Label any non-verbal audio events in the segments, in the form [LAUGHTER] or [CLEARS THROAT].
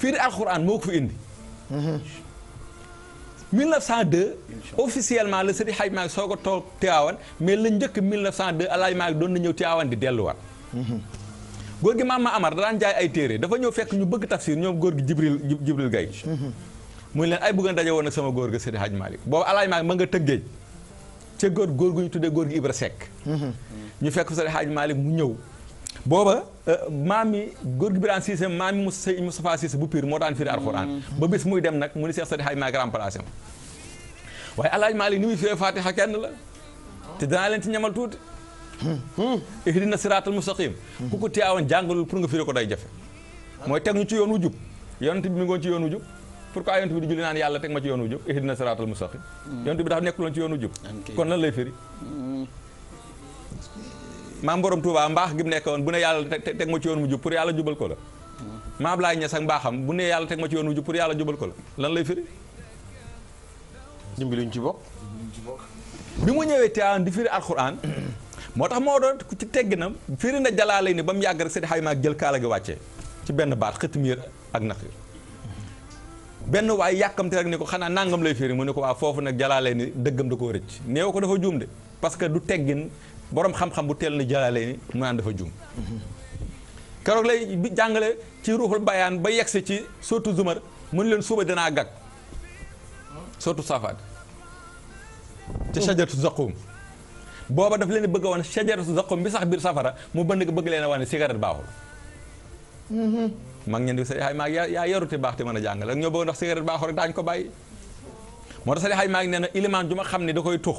firi alxuraan moo ko fi indi. 1902. officiellement la Sëriñ Xaj Maalik soo ko toog Tiwaawan mais la njëkk 1902 Alaaji Maalik doon na ñëw Tiwaawan di delluwaat. góor gi maam ma Amar da daan jaay ay téere dafa ñëw fekk ñu bëgg tafsir ñoom góor gi Jibril Jibril Gaye. muy leen ay bëgg a daje woon ak sama góor gi Sëriñ Xaj Maalik boobu Alaaji Maalik ma nga tëggee. ca góor góor gu ñu tuddee góor gi Ibra Seck. ñu fekk Sëriñ Xaj Maalik mu ñëw. booba euh, maam yi góor gi biraan Cissé maam yi Moustapha Cissé bu piir moo daan firi alxuraan mm. ba bis muy dem nag mu ni Seex Sadi Xaaj maa grand place am waaye alaaj Maalik ni muy firee Faatixa kenn la te danaa leen ci ñamal tuuti ihdina siraatal mustaqim ku ko tiyaawoon jàngalul pour nga firi ko day jafe mooy teg ñu ci yoon wu jub bi mi ngoon ci yoon wu jub pourquoi yonent bi di julli naan yàlla teg ma ci yoon wu jub ihdina siraatal mustaqim mm. yonent bi dafa nekkuloon ci yoon wu jub mm. kon lan lay maam borom Touba mbaax gi mu nekk woon bu ne yàlla teg ma ci yoon mu jub pour yàlla jubal ko la maam Ablaye Niass ak mbaaxam bu ne yàlla teg ma ci yoon mu jub pour yàlla jubal ko la lan lay firi dimbiluñ ci bokk bi mu ñëwee Tiwaawan di firi alxuraan [CLEARS THROAT] moo tax moo doon ci tegginam firi na jalaale ni ba mu yàgg rek seen xayma ak jël kaala gi wàccee ci benn baat xëttim yër ak naqir benn waay yàkkamte rek ni ko xanaa nàngam lay firi mu ne ko waa foofu nag jalaalay ni dëggam da koo rëcc boroom xam-xam bu teel na jalaale ni mu naan dafa juum keroog lay jàngale ci ruuxul bayaan ba yegsi ci surtout zumar mu ne leen suba dinaa gag surtout safaat ci sajaratu zaqum booba daf leen bëgg a wane sajaratu zaqum bi sax biir safara mu bënd bëgg leen a wane cigarette baaxul mm-hmm. mag ñeen di sa xay maag yaa yarute baax te mën a jàngale ak ñoo bëgg ndax cigarette baaxul rek daañu ko bàyyi moo tax sa xay maag nee na ilimaan ju ma xam ni da koy tux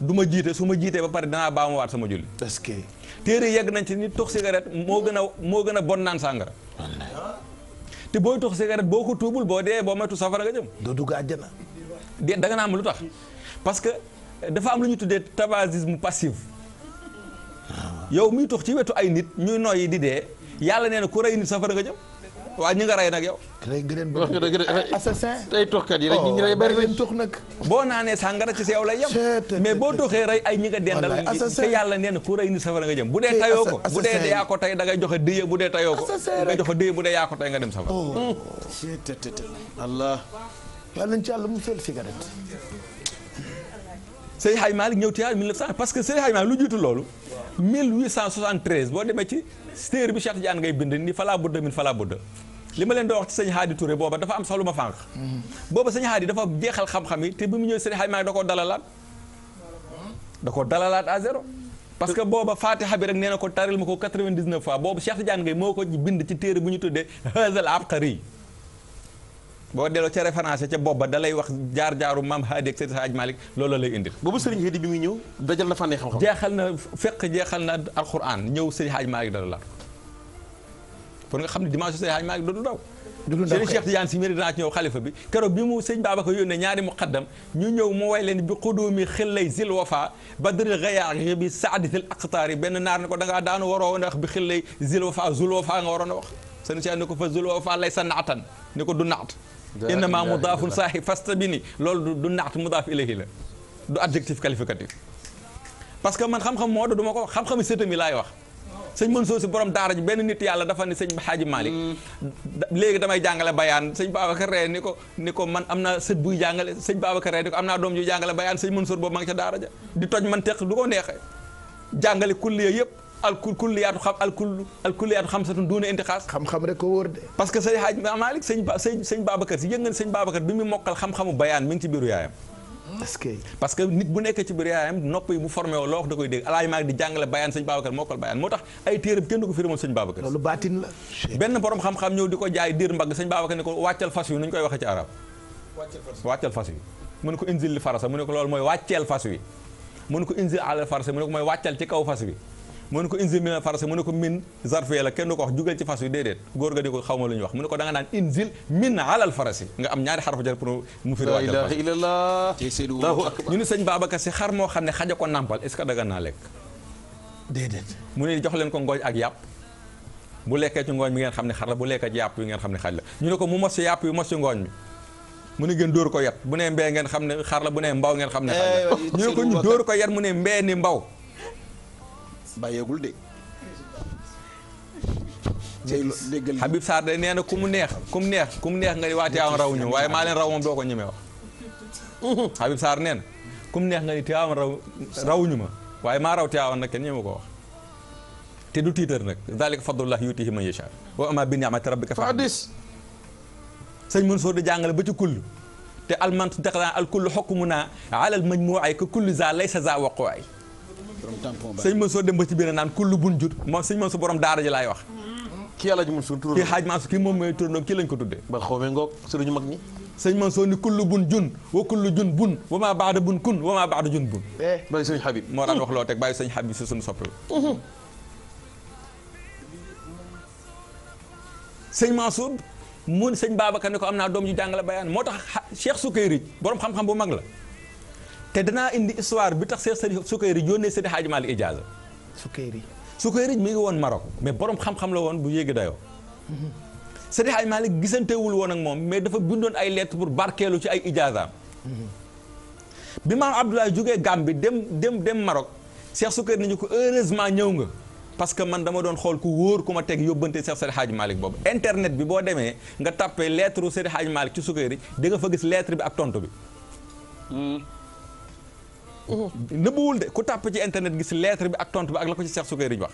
du ma jiite su ma jiitee ba pare danaa baa ma waat sama julli. est-ce que. téere yegg nañ ci ni tox cigarette moo gën a moo gën a bon naan sàngara. te booy tox cigarette boo ko tuubul boo dee boo moytu safara nga jëm. doo dugg àjjana. de danga naa am lu tax parce que dafa am lu ñu tuddee tabagisme passif. Ah. yow muy tox ci wetu ay nit ñuy noyyi di dee yàlla nee na ku rey nit safara nga jëm. waa ñi nga rey nag yow. rey nga leen bëgg assassin tey toxkat yi rek ñi rey bari leen tox nag. boo naanee sàngara ci yow lay yem. mais boo toxee rey ay ñi nga dendal. te yàlla nee na ku rey ni safara nga jëm. bu dee tayoo ko bu dee yaa ko tey joxe dëye bu dee tayoo ko. nga joxe dëye bu dee yaa ko nga dem safara. Oh. Hmm. yàlla nañ ci yàlla mu fël Seydi Hadj Malick ñëw Tiwaawan 1900 parce que Seydi Hadj Malick lu jiitu loolu 1873 boo demee ci téere bi Cheikh Tidiane ngay bind ni falaa budda min falaa budda li ma leen doon wax ci sëñ Haadi Touré booba dafa am sax lu ma fànq booba sëñ Haadi dafa jeexal xam-xam yi te bi mu ñëwee Seydi Hadj Malick da koo dalalaat da koo dalalaat à zéro parce que booba Fatiha bi rek nee na ko taril ma ko 99 fois boobu Cheikh Tidiane ngay moo ko bind ci téere bu ñu tuddee Hazal boo delloo ca référence ca booba da lay wax jaar jaaru maam Haadi ak Seydi Hadj Malick loolu lay indil. boobu Serigne Haadi bi muy ñëw dajal na fànn xam-xam. jeexal na fekk jeexal na alxuraan ñëw Seydi Hadj Malick dara la pour nga xam ne dimanche Seydi Hadj Malick doon daw. dugg ndaw Cheikh Tidiane si ñëw xalifa bi keroog bi mu sëñ Babacar yónnee ñaari muqaddam ñu ñëw mu way leen bi xuduumi xillay zil wafa badri gayaari bi saaditil aqtaari benn naar ne ko da ngaa daanu waroo woon a wax bi xillay zil wafa zul wafa waroon a wax sëñ Cheikh ne ko fa zul wafa lay sa ne ko du naat innama mudaafun saahi fastabini loolu du naat mudaaf ilayhi la du adjectif qualificatif parce que man xam-xam moo du duma ko xam-xami sëtami laay wax sëñ Mansour si borom daara benn nit yàlla dafa ne sëñ Xaaji Malick mm. léegi damay jàngale bayaan sëñ Babacar Reye ni ko ni ko man am naa sët buy jàngale sëñ Babacar Reye ni ko am naa doom yuy jàngale bayaan sëñ Mansour boobu ma ngi ca daara ja di toj man teq du ko neexee jàngale kulliya yëpp alkul kulliyaatu xam alkul alkulliyaatu xamsatun duuna intixaas xam-xam rek ko wóor de. parce que sëñ Haaj Malick sëñ ba sëñ sëñ Babacar si yëg nga sëñ Babacar bi mu mokkal xam-xamu bayaan mi ngi ci biiru yaayam. Hmm. nopp yi bu formé woo wax da koy dégg alaaj maag di jàngale bayaan sëñ Babacar mokkal bayaan moo tax ay téeram kenn ko firimoon sëñ Babacar. loolu benn borom xam-xam ñëw di ko jaay diir mbagg sëñ Babacar ne ko wàccal fas yu nu ñu koy waxee ci arab wàccal fas ko inzil li ko loolu mooy wàcceel fas wi mu ne ko kaw fas mu ne ko inzil mi na farasi mu ne ko min zarfiya la kenn du ko wax jugal ci fas wi déedéet góor ga di ko xaw ma lu ñuy wax mu ne ko da nga naan inzil min alal farasi nga am ñaari xarfu jar pour mu firi waajal fas ñu si moo xam ne xaja ko nàmpal est-ce que dagan naa lekk mu ne jox leen ko ngooñ ak yàpp bu lekkee ci ngooñ mi ngeen xam ne xar la bu lekkee ci yàpp yi xam ne xaj la ñu ne ko mu mos ci yàpp yi mos ci ngooñ mi mu ne gën dóor ko yat bu ne mbee ngeen xam ne xar la bu ne mbaw ngeen xam ne xaj la eh, ñu ne ko ñu dóor ko yat mu ne mbee ni mbaw bàyyeegul de. Habib Sarr de nee na ku mu neex ku mu neex ku mu neex nga di waa Tiwaawan raw ñu waaye maa leen raw moom doo ko ñeme wax. Uhuh. Habib Sarr nee na ku mu neex nga di Tiwaawan raw raw ñu ma waaye maa raw Tiwaawan nag kenn ñeme ko wax. te du tiitar nag zalika fadlullah yutihi man yasha wa ama bi ni'mati rabbika fa hadis sëñ Mansour di jàngale ba ci kull te almant daqdaan al kull xokkumu naa alal majmuwaay ka kulli za laysa za waquwaay sëñ Mansour dem ba ci biir naan kullu bun jut moom sëñ Mansour borom daara laay wax kii El Hadj Mansour tur kii Hadj Mansour kii moom mooy turandoom kii ko tuddee ba xawme ngoog suñu mag ñi sëñ Mansour ni kullu jun wa kullu jun bun wa maa baada bun kun wa maa baada jun bun eh, bàyyi sëñ Habib moo daan wax loo teg bàyyi sëñ Habib si suñu soppee sëñ Mansour mun sëñ Babacar ne ko am naa doom ju jàngale bayaan moo tax Cheikh Soukeyri borom xam-xam bu mag la te danaa indi histoire bi tax Seex Seydi Sukayri yónnee Seydi Hadji Malick ijaaza Sukayri Sukayri mi ngi woon Maroc mais borom xam-xam la woon bu yéegi dayoo Seydi Hadji Malick gisantewul woon ak moom mais dafa bindoon ay lettre pour barkeelu ci ay ijaazaam bi maam Abdoulaye jógee Gambie dem dem dem Maroc Seex Sukayri nañu ko heureusement ñëw nga parce que man dama doon xool ku wóor ku ma teg yóbbante Seex Seydi Hadji Malick boobu internet bi boo demee nga tàppee lettre Seydi Hadji Malick ci di nga fa gis lettre bi ak tontu bi hmm. nëbbuwul de ku tàpp ci internet gis lettre bi ak tontu bi ak la ko ci Cheikh Soukayrij wax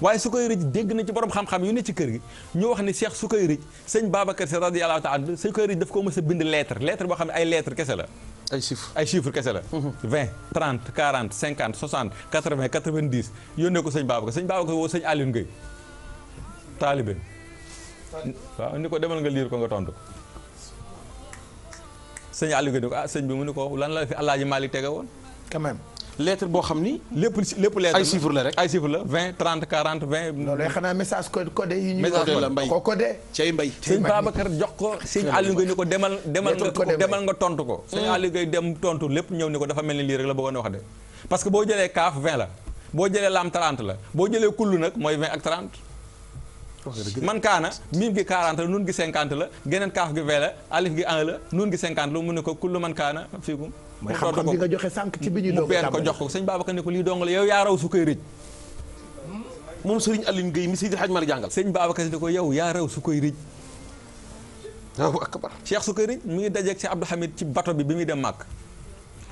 waaye Soukayrij dégg na ci borom xam-xam yu ne ci kër gi ñu wax ni Cheikh su sëñ Babacar Sy baaba ta'ala Soukayrij daf koo mës a bind lettre lettre boo xam ne ay lettre kese la ay chiffres ay chiffres kese la. 20 30 40 50 60 80 90 yónnee ko sëñ Babacar sëñ Babacar woo sëñ Alioune Gueye taalibe waaw ni ko demal nga liir ko nga tontu ko sëñ Alioune Gueye ne ko ah sëñ bi mu ne ko lan la fi Alaaji Malick tege woon. quand même. lettre boo xam ni. lépp lépp lettre ay chiffres la rek ay chiffres la 20 30 40 20. loolu xanaa message codé yi ñu. ko ko demal. demal nga tontu ko. Mm. sëñ Aliou Gueye dem tontu lépp ñëw ni ko dafa mel ni lii rek la bëggoon a wax de. parce que boo jëlee kaaf 20 la boo jëlee laam 30 la boo jëlee kullu nag mooy 20 ak 30. man kaana miim gi 40 la nun gi 50 la geneen kaaf gi 20 la alif gi 1 la nun gi 50 la mu ne ko kullu mooy xam-xam bi nga joxe sànq ci bi ñu doog mu ko jox ko sëñ Babacar ne ko lii dong la yow yaa raw su koy rëj moom sëriñ Aline Gueye mi Seydi Hadj Malick jàngal sëñ Babacar ne ko yow yaa raw su koy rëj waaw akbar Cheikh su koy rëj mu ngi dajeeg si Abdou Hamid ci bato bi bi muy dem màkk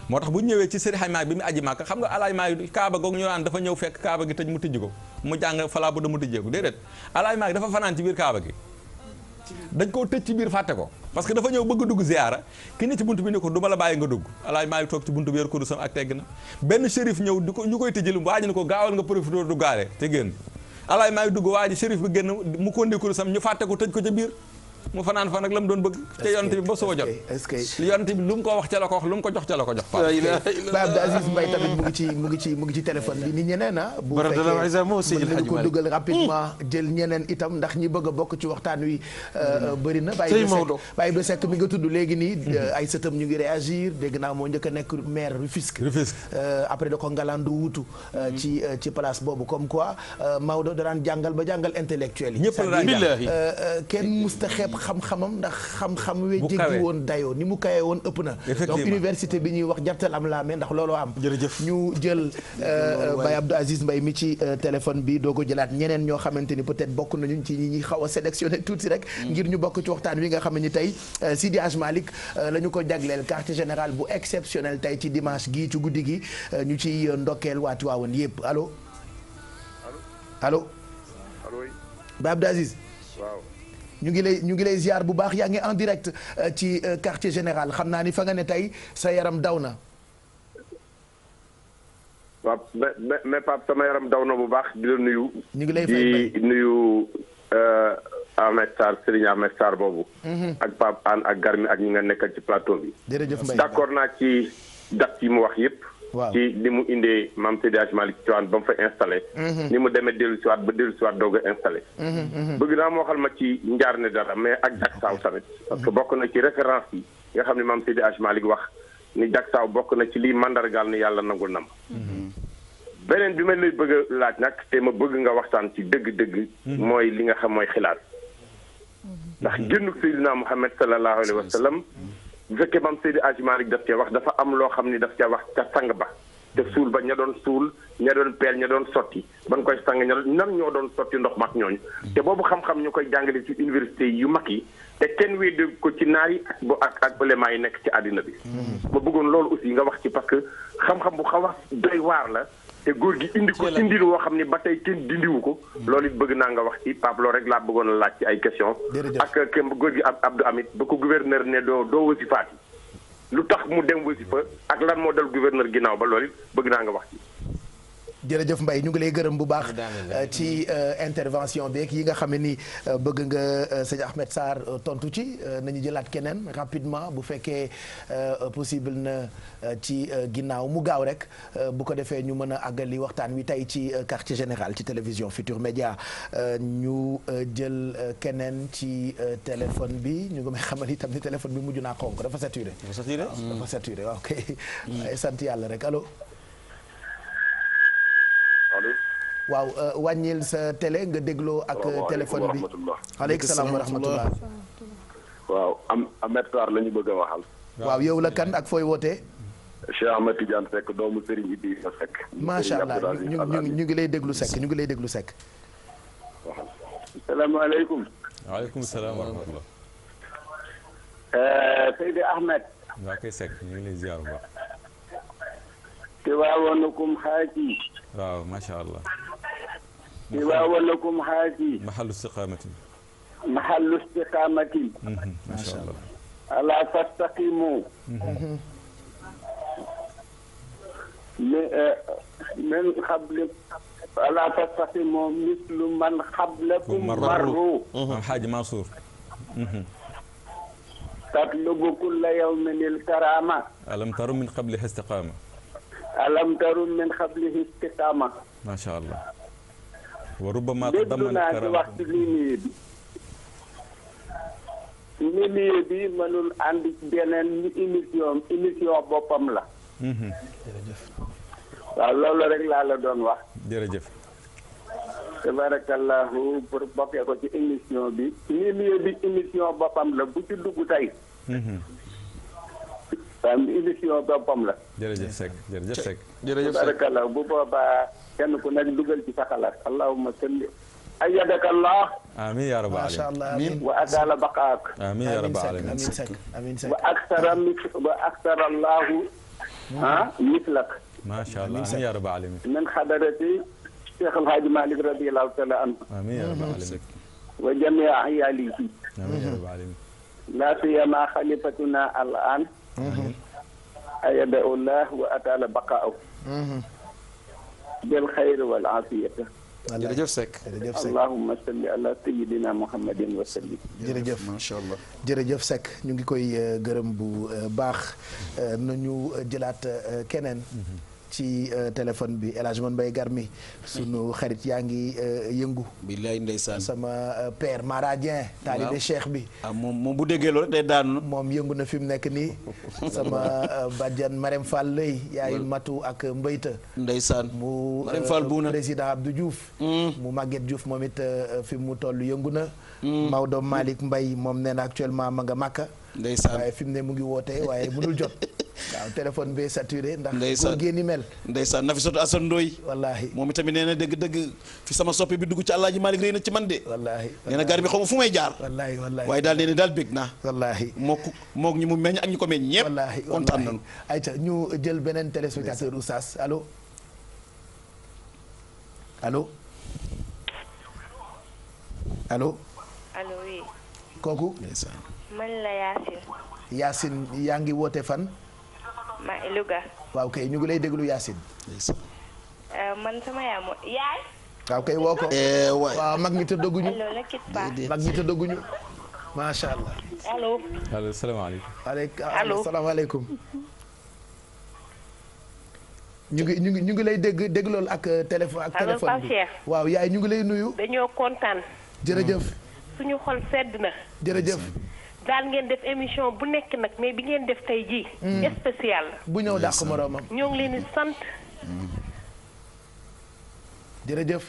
moo tax bu ñëwee ci sëriñ Hamid bi mu aji màkk xam nga alaaj maa yi kaaba googu ñu naan dafa ñëw fekk kaaba gi tëj mu tijj ko mu jàng falaa bu da mu tijjeeku déedéet alaaj maa gi dafa fanaan ci biir kaaba gi dañ koo tëj ci biir fàtte ko parce que dafa ñëw bëgg dugg ziyaara ki ne ci bunt bi ni ko du ma la bàyyi nga dugg alaaj maa toog ci bunt bi yor ko du sam ak tegg na benn shérif ñëw di ko ñu koy tëjil waaji ne ko gaawal nga profité duggaale te génn alaaj maa dugg waa shérif bi génn mu kondikuru sam ñu fàtte ko tëj ko ca biir mu fanaan fa nag la mu doon bëgg te yonent bi ba soo jot yonent bi lu mu ko wax ca la ko wax lu mu ko jox ca la ko jox pa Abdou Aziz Mbaye ngi ci mu ngi ci mu ngi ci itam ndax ñi bëgg a bokk ci waxtaan wi euh, euh, bëri na Baye Baye Ibra Seck mi nga tudd léegi nii mhm. euh, ay sëtam ñu ngi réagir dégg naa moo njëkk a nekk maire Rufisque après da ko ngalandu wutu mhm. ci ci place boobu comme quoi Maodo da daan jàngal ba jàngal intellectuel yi kenn musta xeeb xam-xamam ndax xam-xam we jéggi woon dayoo ni mu kawe woon ëpp na donc université bi ñuy wax jartal am laamee ndax looloo am ñu jël euh, Baye Abdou Aziz mbay mi ci euh, téléphone bi doo ko jëlaat ñeneen ñoo xamante ni peut être bokk nañu ci ñi ñuy xaw a sélectionné tuuti rek mm. ngir ñu bokk ci waxtaan wi nga xam ne tey euh, Sidi Hadj Malick la ñu ko jagleel quartier général bu exceptionnel tey ci dimanche gii ci guddi gi ñu ci ndokkeel waa Tiwaawan yëpp allo allo allo Baye Aziz ñu ngi lay ñu ngi lay ziar bu baax yaa ngi en direct euh, ci euh, quartier général xam naa ni fa nga ne tey sa yaram daw na. waaw mais mais mais Pape sama yaram daw na bu baax di la nuyu. ñu ngi lay di nuyu. Euh, Ahmed Sarr Serigne Ahmed Sarr boobu. Mhm. ak Pape An ak Garmi ak ñi nga nekkal ci plateau bi. jërëjëf Mbaye d'accord naa ci date yi mu wax yépp waaw ci li mu indee maam Seydi Hadji Malick ci Tiwaawan ba mu fa installé. Mhm. ni mu demee dellu si waat ba dellu si waat doog a mhm, mhm. bëgg naa moo xal ma ci njaar ne dara mais ak Jack Saaw tamit. parce que bokk na ci référence yi nga xam ne maam Seydi Hadji Malick wax ni Jack Saaw bokk na ci lii mandargaal ni yàlla nangul nam beneen bi ma lay bëgg laaj nag te ma bëgg nga waxtaan ci dëgg-dëgg. mooy li nga xam mooy xilaat. ndax génnug Seydina Muhammad sallallahu alayhi wa sallam bu fekkee maam Seydi Hadji Malick daf cee wax dafa am loo xam ni daf cee wax ca sang ba te suul ba ña doon suul ña doon peel ña doon sotti ban koy sang ña nan ñoo doon sotti ndox mag ñooñu te boobu xam-xam ñu koy jàngale ci université yu mag yi te kenn weddi ko ci naar yi ak bu ak ak éléments yi nekk ci àddina bi mm-hmm. ma bëggoon loolu aussi nga wax ci parce que xam-xam bu xaw a doy waar la te góor gi indi ko indil woo xam ne ba tey kenn dindiwu ko. lool it bëgg naa nga wax ci Pape rek laa bëggoon a laaj ci ay question ak kéem góor gi Abdou Hamid ba ko gouverneur ne doo doo wasifaat yi lu tax mu dem wasifa ak lan moo dal gouverneur ginnaaw ba loolu it bëgg naa nga wax jërëjëf mbay ñu ngi lay gërëm bu baax euh, ci euh, intervention beeg yi nga xam ne ni euh, bëgg nga sëñ Ahmed Sarr tontu ci nañu jëlaat keneen rapidement bu fekkee possible na ci ginnaaw mu gaaw rek bu ko defee ñu mën a àggali waxtaan wi tey ci quartier général ci télévision Futur Média ñu jël keneen ci téléphone bi ñu ngi may xamal itam ni téléphone bi mujj naa xonk dafa saturé dafa saturé ok mm. [LAUGHS] sant yàlla rek allo waaw euh, wàññil sa télé nga dégloo ak euh, téléphone bi salaam wa rahmatullah waaw am Ahmed Sarr la ñu bëgg a waxal waaw yow la kan ak fooy wootee Cheikh Ahmed Tidiane Seck doomu Serigne Idrissa Seck macha allah ñu ñu ngi lay déglu Seck ñu ngi lay déglu Seck waxal salaamaaleykum waaleykum salaam wa euh, waaw macha allah siwaa wa lakum haasi mahallu istiqaamatin mahallu istiqaamatin mhm, maa sha allah alaa fastaqimu mhm. eh, min xabli alaa fastaqimu mislu man xablakum marru maam xaaji Mansour mhm. tatlubu kulla yawmin al-karaama alam taru min xablihi istiqaama alam taru min xablihi istiqaama maa sha allah warubama dégg naa di wax ci mimie bi mimie bi mënul ànd beneen émission émission boppam la mhm. jërëjëf waaw loolu rek laa la doon wax jërëjëf tabarakallahu pour bokkee ko ci émission bi mimie bi émission boppam la bu ci dugg tey mhm. waaw émission boppam la jërëjëf Seck jërëjëf Seck tabarakallahu bu boobaa kenn ku nekk dugal ci sa xalaat allahumma salli ayyadaka allah amin ya rabbal alamin wa adala baqaak amin ya rabbal alamin amin wa aksara wa aksara allahu ah mislak macha allah amin ya rabbal alamin min xadarati cheikh alhaji malik radiallahu taala anhu amin ya rabbal alamin wa jami ayaalihi amin ya mhm. rabbal alamin la siyama xalifatuna al an mhm. ayyadahu allah wa adala baqaahu mhm. bil xayri wal afiyata jërëjëf Seck jërëjëf Seck allahumma salli ala sayyidina muhammadin wa sallim jërëjëf macha allah jërëjëf Seck ñu ngi koy euh, gërëm bu euh, baax euh, na ñu jëlaat keneen mhm. ci euh, téléphone bi El Hadj Man Mbaye Garmi sunu xarit yaa ngi euh, yëngu. billaay ndeysaan sama euh, per Mara Dieng. taalibe bi. ah moom moom bu déggee loolu day daanu. moom yëngu na fi mu nekk nii [LAUGHS] sama bàjjan Marème Fall lay yaay matu ak Mbayta. ndeysaan mu président Abdou juuf hmm. mu Maguette Diouf moom it fi mu toll yëngu na. Hmm. Maodo Malick Mbaye moom nee na actuellement ma nga Makka. ndeysaan waaye fi mu ne mu ngi wootee waaye mënul jot [LAUGHS] waaw téléphone bee saturé ndax góor gee ni mel ndeysaan na fi sotu Assane Ndoye wallaahi moom itamit nee na dëgg-dëgg fi sama soppe bi dugg ci Alaaji Malick réy na ci man de wallaahi nee na gar bi xaw ma fu may jaar wallaahi wallaahi waaye daal nee na daal bég naa wallaahi mook mook mu meññ ak ñi ko meññ ñëpp wallaahi kontaan nañu ñu jël beneen téléspectateur oustaz allo allo kooku man la Yacine. Yacine yaa ngi woote fan. ma Louga. waaw kay ñu ngi lay déglu Yacine. Yes. Euh, man sama yaay moo yaay. waaw kay woo ko. Eh, waaw mag ñi tëddaguñu. mag ñi allah. allo. allo salaamaaleykum. allo salaamaaleykum. ñu ngi ñu ngi ñu ngi lay dégg dégg loolu ak euh, waaw yaay ñu ngi lay nuyu. dañoo kontaan. jërëjëf. suñu xol sedd na. jërëjëf. daal ngeen def émission bu nekk nag mais bi ngeen def tey jii. Hmm. spécial la. bu ñëw dàq moroomam. ñoo ngi leen sant. Hmm. jërëjëf.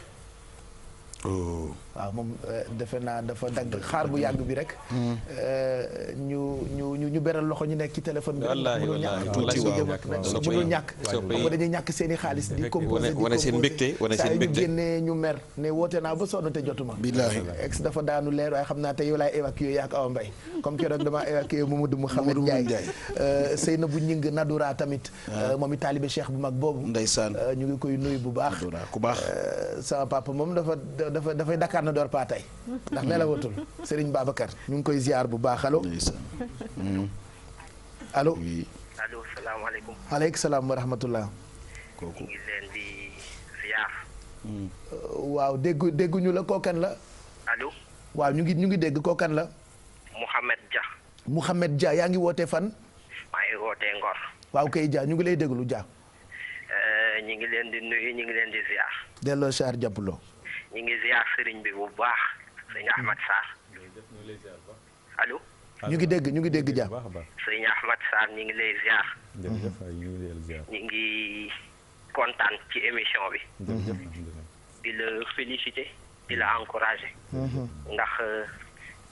Oh. waaw moom eh, defe naa dafa dagg xaar bu yàgg bi rek. Hmm. Eh, ñu ñu ñu beral loxo ñu nekk ci téléphone bi. wallaahi wallaahi tuuti waaw mënul ñàkk ba dañuy ñàkk seen xaalis. di composé di wane seen mbégte wane seen mbégte saa yu génnee ñu mer ne woote naa ba sonn te jotuma. billaahi ex dafa daanu leer waaye xam naa te yow laay évacué yaa ak Awa Mbaye comme keroog damaa évacué Mamadou Mouhamed Ndiaye eh, Seynabou Ñing Nadoura tamit. Ah. moom i taalibe cheikh bu mag boobu. ndeysaan ñu ngi koy nuyu bu baax. sama papa moom dafa dafay Dakar yaakaar na ndax nelawatul Serigne Babacar ñu ngi koy ziar bu baax alo allo. Hmm. allo salaamaaleykum. aleykum salaam wa rahmatullah. kooku ñu ngi leen di ziar. Hmm. Uh, waaw dégguñu la kookan la. allo. waaw ñu ngi ñu ngi dégg kookan la. Mouhamed Dia. Mouhamed Dia yaa ngi woote fan. maa ngi wootee Ngor. waaw kay Dia ñu ngi lay déglu Dia. Euh, ñu ngi leen di nuyu ñu ngi leen di ziar. delloo Char jàppuloo. ñu ngi ziar sëriñ bi bu baax sëñ Ahmad Sarr allo. ñu ngi dégg ñu ngi dégg ja sëñ Ahmad Sarr ñu ngi lay ziar. ñu ngi kontaan ci émission bi. di la féliciter di la encourager. Mhm. ndax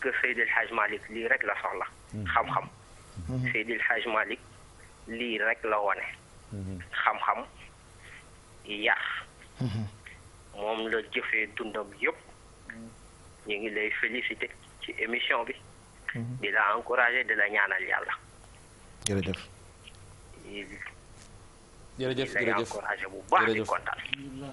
kë euh, Seydil Hadj Malick lii rek la soxla. Mhm. xam-xam. Mhm. Seydil Hadj Malick lii rek la wone xam-xam yar. moom la jëfee dundam yëpp ñu ngi lay félicité ci émission bi. Mhm. di la encouragé la ñaanal yàlla. jërëjëf. jërëjëf jërëjëf bu baax di kontaan.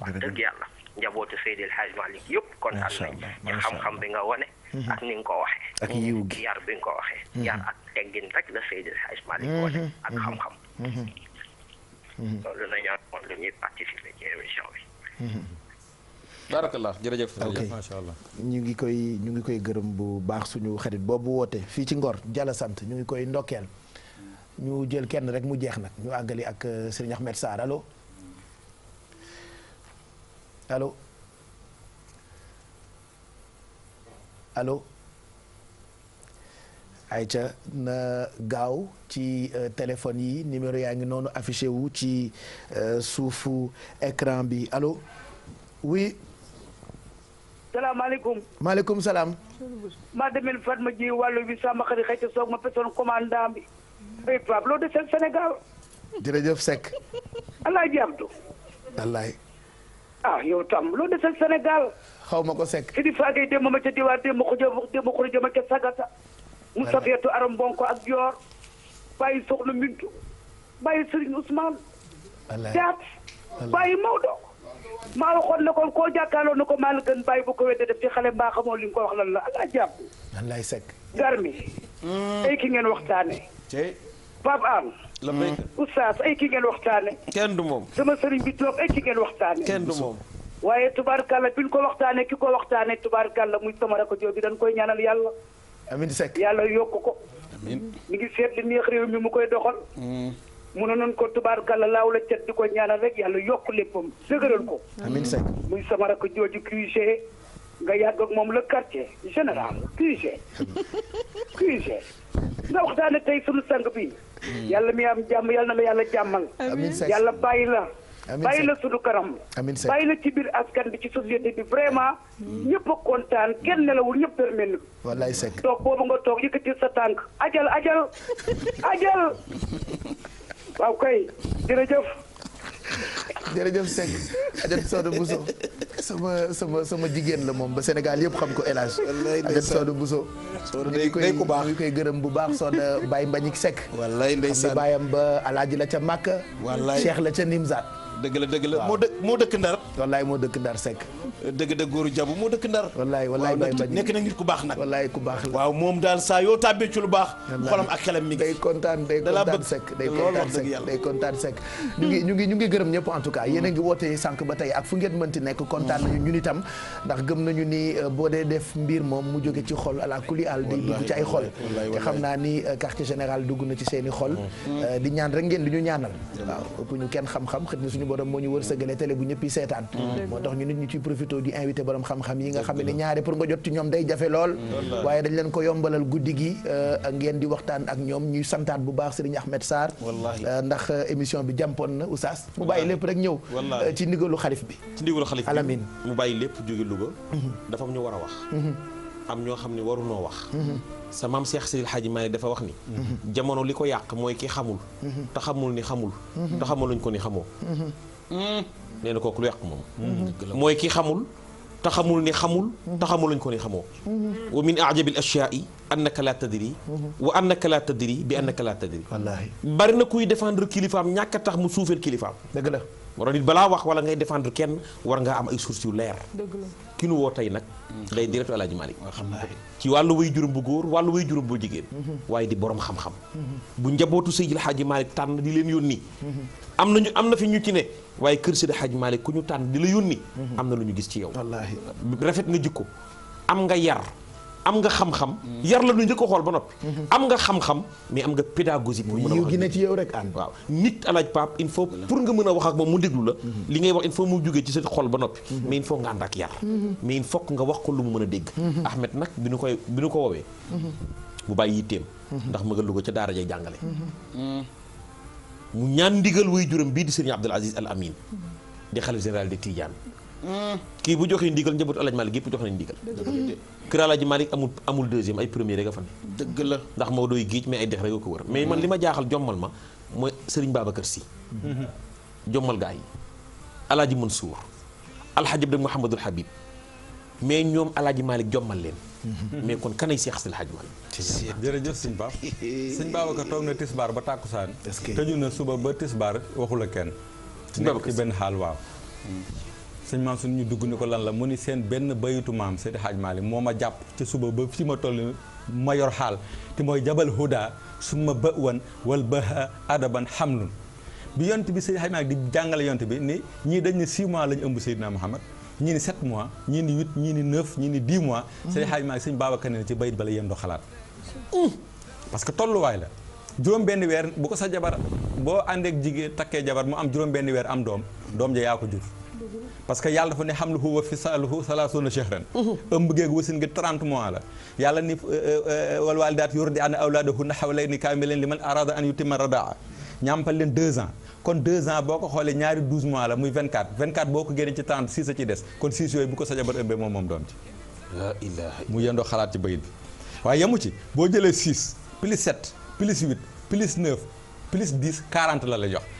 wax dëgg yàlla njabootu Seydi El Hadj Malick yëpp kontaan nañ ci xam-xam bi nga wane. Mhm. ak ni nga ko waxee. ak yiw gi yar bi nga ko waxee. Mhm. yar ak teggin rek la Seydi El Hadj Malick ak xam-xam. loolu la ñu amoon lu ñuy participer ci émission bi. barakallah jërëjëf macha allah ñu ngi koy ñu ngi koy gërëm bu baax suñu xarit boobu woote fii ci Ngor Jalla sant ñu ngi koy ndokkeel ñu jël kenn rek mu jeex nag ñu àggali ak euh, Serigne Ahmed Sarr alo alo allo ayca na gaaw ci euh, téléphone yi numéro yaa ngi noonu affiché wu ci euh, suufu écran bi alo oui salaamaaleykum. maaleykum salaam. maa demoon Fatma ji wàllu bi sama xarit xëy soog ma personne commandant bi. ay Pape loo de seen Sénégal. jërëjëf Seck. alaaji Abdou. wallaay. ah yow tam loolu de seen Sénégal. xaw ma ko sek si di faagay démb ma ca diwaan démb xujo démb ma ca Sagata. mu safeetu aram bonko ak Dior. bàyyi Soxna Mintu. bàyyi Serigne Ousmane. wallaay Thiat bàyyi Maodo. maa waxoon na ko koo jàkkaarloo na ko maa la gën bàyyi bu ko wedde def ci xale mbaa xamoo li nga ko wax lan la ak jàpp. lan lay sekk. garmi hmm. ay ki ngeen waxtaane Pape Am. la may hmm. oustaz ay ki ngeen waxtaane kenn du moom. sama sëriñ bi toog ay ki ngeen waxtaane kenn du moom. waaye tubaarkàlla bi nu ko waxtaanee ki ko waxtaanee tubaarkàlla muy Samara ko jooju dañ koy ñaanal yàlla. amiin Seck yàlla yokk ko. amiin mi ngi seet li neex réew mi mu koy doxal. Hmm. mun noonu ko tubaarkàlla laaw la cat di ko ñaanal rek yàlla yokk léppam dëgëral ko. amiin Seck muy sama rakk jooju QG nga yàgg moom la quartier général QG [LAUGHS] QG nga waxtaane tey sunu sang bi. Hmm. yàlla mi am jàmm yàlla na la yàlla jàmmal. amiin yàlla bàyyi la. bàyyi la sunu kanam. amiin Seck bàyyi la ci biir askan bi ci société bi vraiment. Hmm. ñëpp a kontaan kenn nelawul ñëpp permet ni. toog boobu nga toog yëkkati sa tànk. ajal ajal [LAUGHS] ajal. [LAUGHS] waaw kay jërëjëf. jërëjëf Seck Adja Sow Bousso sama sama sama jigéen la moom ba Sénégal yëpp xam ko élage Hadj. wallay ndeysaan Adja Bousso. day day ku baax ñu koy gërëm bu baax Soda Baye Mbagnick Seck. wallay ndeysaan xam baayam ba alaaji la ca Màkka. wallay Cheikh la ca Nimzaat. dëgg la dëgg la moo dëkk moo dëkk Ndar. wallaay moo dëkk Ndar Seck. dëgg-dëgg góoru jabu moo dëkk ndar wallaay wallaay nekk na nit ku baax nag wallaay ku baax la waaw moom daal saa yoo tàbbee ci lu baax xolam ak xelam mi ngi gërëm ñëpp en tout cas yéen a ngi woote sànq ba tey ak fu ngeen mënti nekk kontaan nañu ñun itam ndax gëm nañu ni euh, boo dee def mbir moom mu jóge ci xol ala kuli al day dugg ci ay xol te xam naa ni euh, quartier général dugg na ci seeni xol mm. euh, di ñaan rek ngeen di ñu ñaanal waaw ku ñu kenn xam-xam xëy na suñu borom moo ñu wërsëgale télé bu ñëpp yi seetaan mm. moo tax ñu nit profité di invité borom xam-xam yi nga xam ne ñaare pour nga jot ci ñoom day jafe lool waaye dañ leen ko yombalal guddi gi euh, ngeen di waxtaan ak ñoom ñuy santaat bu baax Serigne Ahmed Sarr euh, ndax euh, émission bi jàmpoon na oustaz mu bàyyi lépp rek ñëw ci ndigalu xalif bi ci ndigalu xalif bi alamin mu bàyyi lépp jóge Louga mhm. dafa am ñu war a wax mhm. am ñoo xam ne warunoo wax mhm. sa maam Cheikh Sidil Hadji Malick dafa wax ni jamono li ko yàq mooy ki xamul te xamul ni xamul te ko ni xamoo hmm. nee na kooku lu yàq moom mm-hmm. Mm-hmm. mooy ki xamul te xamul ni xamul te xamul lañ ko ni xamoo mm-hmm. wa min ajabil ashyaa'i annaka laa tadri wa annaka laa tadri bi annaka bari na kuy défendre kilifaam ñàkk a tax mu suufeel kilifaam dëgg la war a nit balaa wax wala ngay défendre kenn war ngaa am ay sources yu leer dëgg ki nu woo tey nag ngay direct Alaaji Malick ci wàllu way juróom bu góor wàllu way juróom bu jigéen mm-hmm. waaye di borom xam-xam mm-hmm. bu njabootu Seydil Hadji Malick tànn di leen yónni mm-hmm. am nañu am na fi ñu ci ne waaye kër Seydil Hadji Malick ku ñu tànn di la yónni am na lu ñu gis ci yow rafet nga jikko am nga yar am nga xam-xam. yar la nu njëkk a xool ba noppi. am nga xam-xam mais am nga pédagogie. pour mën a wax ci yow rek ànd. waaw nit alaaj Pape il faut pour nga mën a wax ak moom mu déglu la. Mhm. li ngay wax il faut mu jógee ci sa xol ba noppi. Mhm. mais il faut nga ànd ak yar. Mhm. mais il faut nga wax ko lu mu mën a dégg. Ahmed nag bi nu koy bi nu ko woowee. bu bàyyi yitteem. ndax ma nga lu ko ca daara ja jàngale. Mm. mu ñaan ndigal way juram bii di sëriñ Abdul Aziz Al Amin di xalif général de tiijaan kii bu joxee ndigal njabootu Alaaji Malick gépp jox nañ ndigal kër Alaaji Malick amul amul deuxième ay premier rek a fa ne dëgg la ndax moo dooy géej mais ay dex rek a ko wër mais man li ma jaaxal jommal ma mooy Serigne Babacar si mm-hmm. jommal gaa yi Alaaji Mansour Alxaaji Abdu Muhammadul Habib mais ñoom Alaaji Malick jommal leen mm-hmm. mais kon kanay Seex ma Alxaaji Malick jërëjëf sëñ Baab sëñ Babacar toog na tisbaar ba tàkkusaan tëju na suba ba tisbaar waxula kenn nekk ci benn xaal waaw mm. sëñ Mansour ñu dugg ni ko lan la mu ni seen benn bayutu maam Seydi Hadj Malick moo ma jàpp ca suba ba fi ma toll ma yor xaal te mooy jabal huda ma ba wan wal ba adaban hamlun bi yont bi Seydi Hadj Malick di jàngale yont bi ni ñii dañ ne 6 mois la ñu ëmb Seydina Muhammad ñii ni 7 mois ñii ni 8 ñii ni 9 ñii ni 10 mois mhm. Seydi Hadj Malick sëñ Babacar ne ci bayit bala yéen do xalaat parce que tolluwaay la juróom benn weer bu ko sa jabar boo àndeek jigéen takkee jabar mu am juróom weer am doom doom ja yaa jur parce que yàlla dafa ne hamluhu wa fisaaluhu salaasuuna shahran ëmb géeg wasin gi 30 mois la yàlla ni euh, euh, euh, wal waalidaat yurdi'na awlaadahunna hawlayni kaamilayni liman arada an yutimma radaa ñàmpal leen 2 ans kon 2 ans boo ko xoolee ñaari 12 mois la muy 24 24 boo ko génnee ci 30 6 a ci des kon 6 yooyu bu ko sa jabar ëmbee moom moom doom ci mu yendoo xalaat ci bayit bi waaye yemu ci boo jëlee 6 plus 7 plus plus 9 plus 10 la jox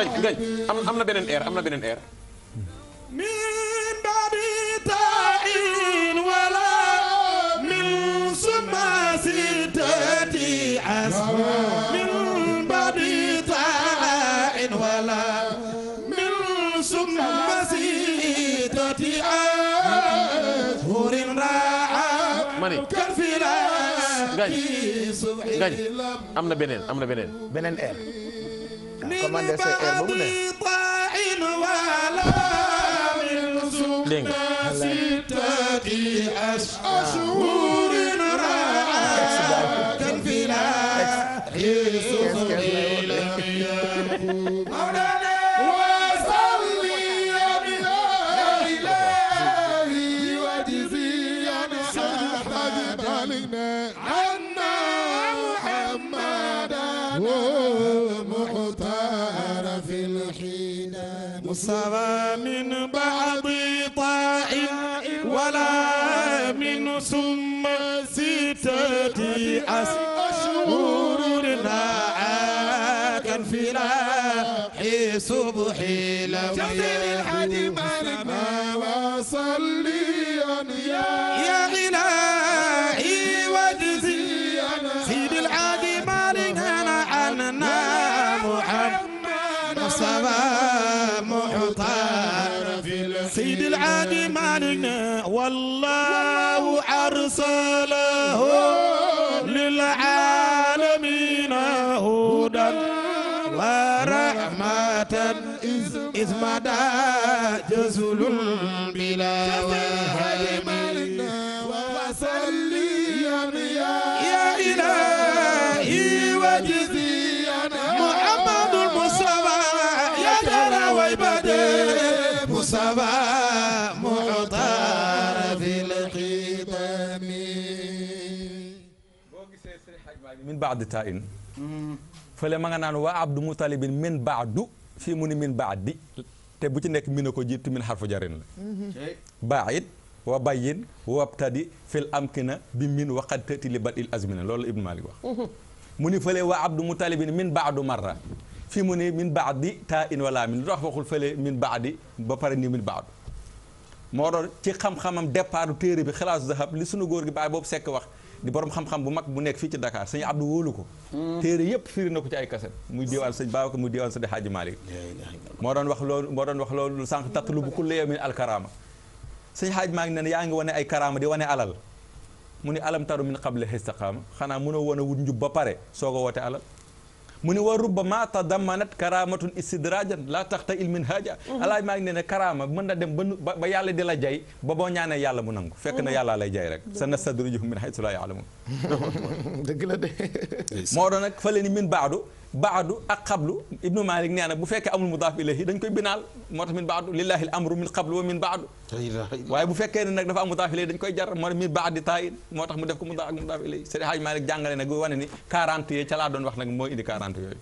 gañ gañ am na beneen air am na beneen air min babi tain wala min sumasitati asma min babi tain wala min sumasitati ashurin raa mani gañ gañ am na beneen am na beneen beneen air commandé sa air ba mu ne dégg nga texte سوى من بعض طاع ولا من ثم ستة أشهر نعاك في صبحي لو يا الحديث ما وصلي مدى جزل بلا وهل ملنا وسلم يا إلهي وجزينا محمد المصطفى يا ترى ويبد مصطفى معطار في القدم من بعد تائن فلما نان وعبد مطالب من بعد fii mu ni min baat di te bu ci nekk mi na ko jiitu min xarfu jarin la baayit wa bayin wabtadi fil amkina bi min waqad tëti li bat il azmina loolu Ibn Malik wax mhm. mu ni fële wa abdu mutalibin min baadu marra fii mu ni min baadi taa in wala min lu tax waxul fële min baadi ba pare ni min baadu moo doon ci xam-xamam départ téere bi xilaasu zahab li sunu góor gi bàyyi boobu sekk wax di borom xam-xam bu mag bu nekk fii ci Dakar sëñ Abdou wóolu ko hmm. téere yëpp firi na ko ci ay kaset muy diwaan sëñ Babacar muy diwaan sëñ Hadji Malick moo doon wax loolu moo doon wax loolu sànq tattalu bu kulli yawmin alkarama sëñ Hadji Malick ne yaa ngi wane ay karaama di wane alal mu ni alam taru min qabli istaqaama xanaa mënoo wane wut njub ba pare soog a woote alal mu ni wa rubbama tadammanat karamatun istidrajan laa taxta ilmin haaja mhm. alaaj maa ngi ne ne karaama mën na dem ba ba yàlla di la jay ba boo ñaanee yàlla mu nangu fekk na mhm. yàlla lay jay rek sa nastadrijuhum min haythu laa ya'lamun [LAUGHS] dëgg la de. moo doon nag fële ni min baadu baadu ak xablu ibnu Malik nee na bu fekkee amul mudaaf ilayhi dañ koy binaal moo tax min baadu lillahi al amru min xablu wa min baadu. waaye bu fekkee ne nag dafa am mudaaf ilayhi dañ koy jar moo tax min baadi taayin moo tax mu def ko mudaaf ak mudaaf ilayhi Seydi Hadj Malik jàngale nag wane ni 40 yee ca laa doon wax nag moo indi 40 yooyu.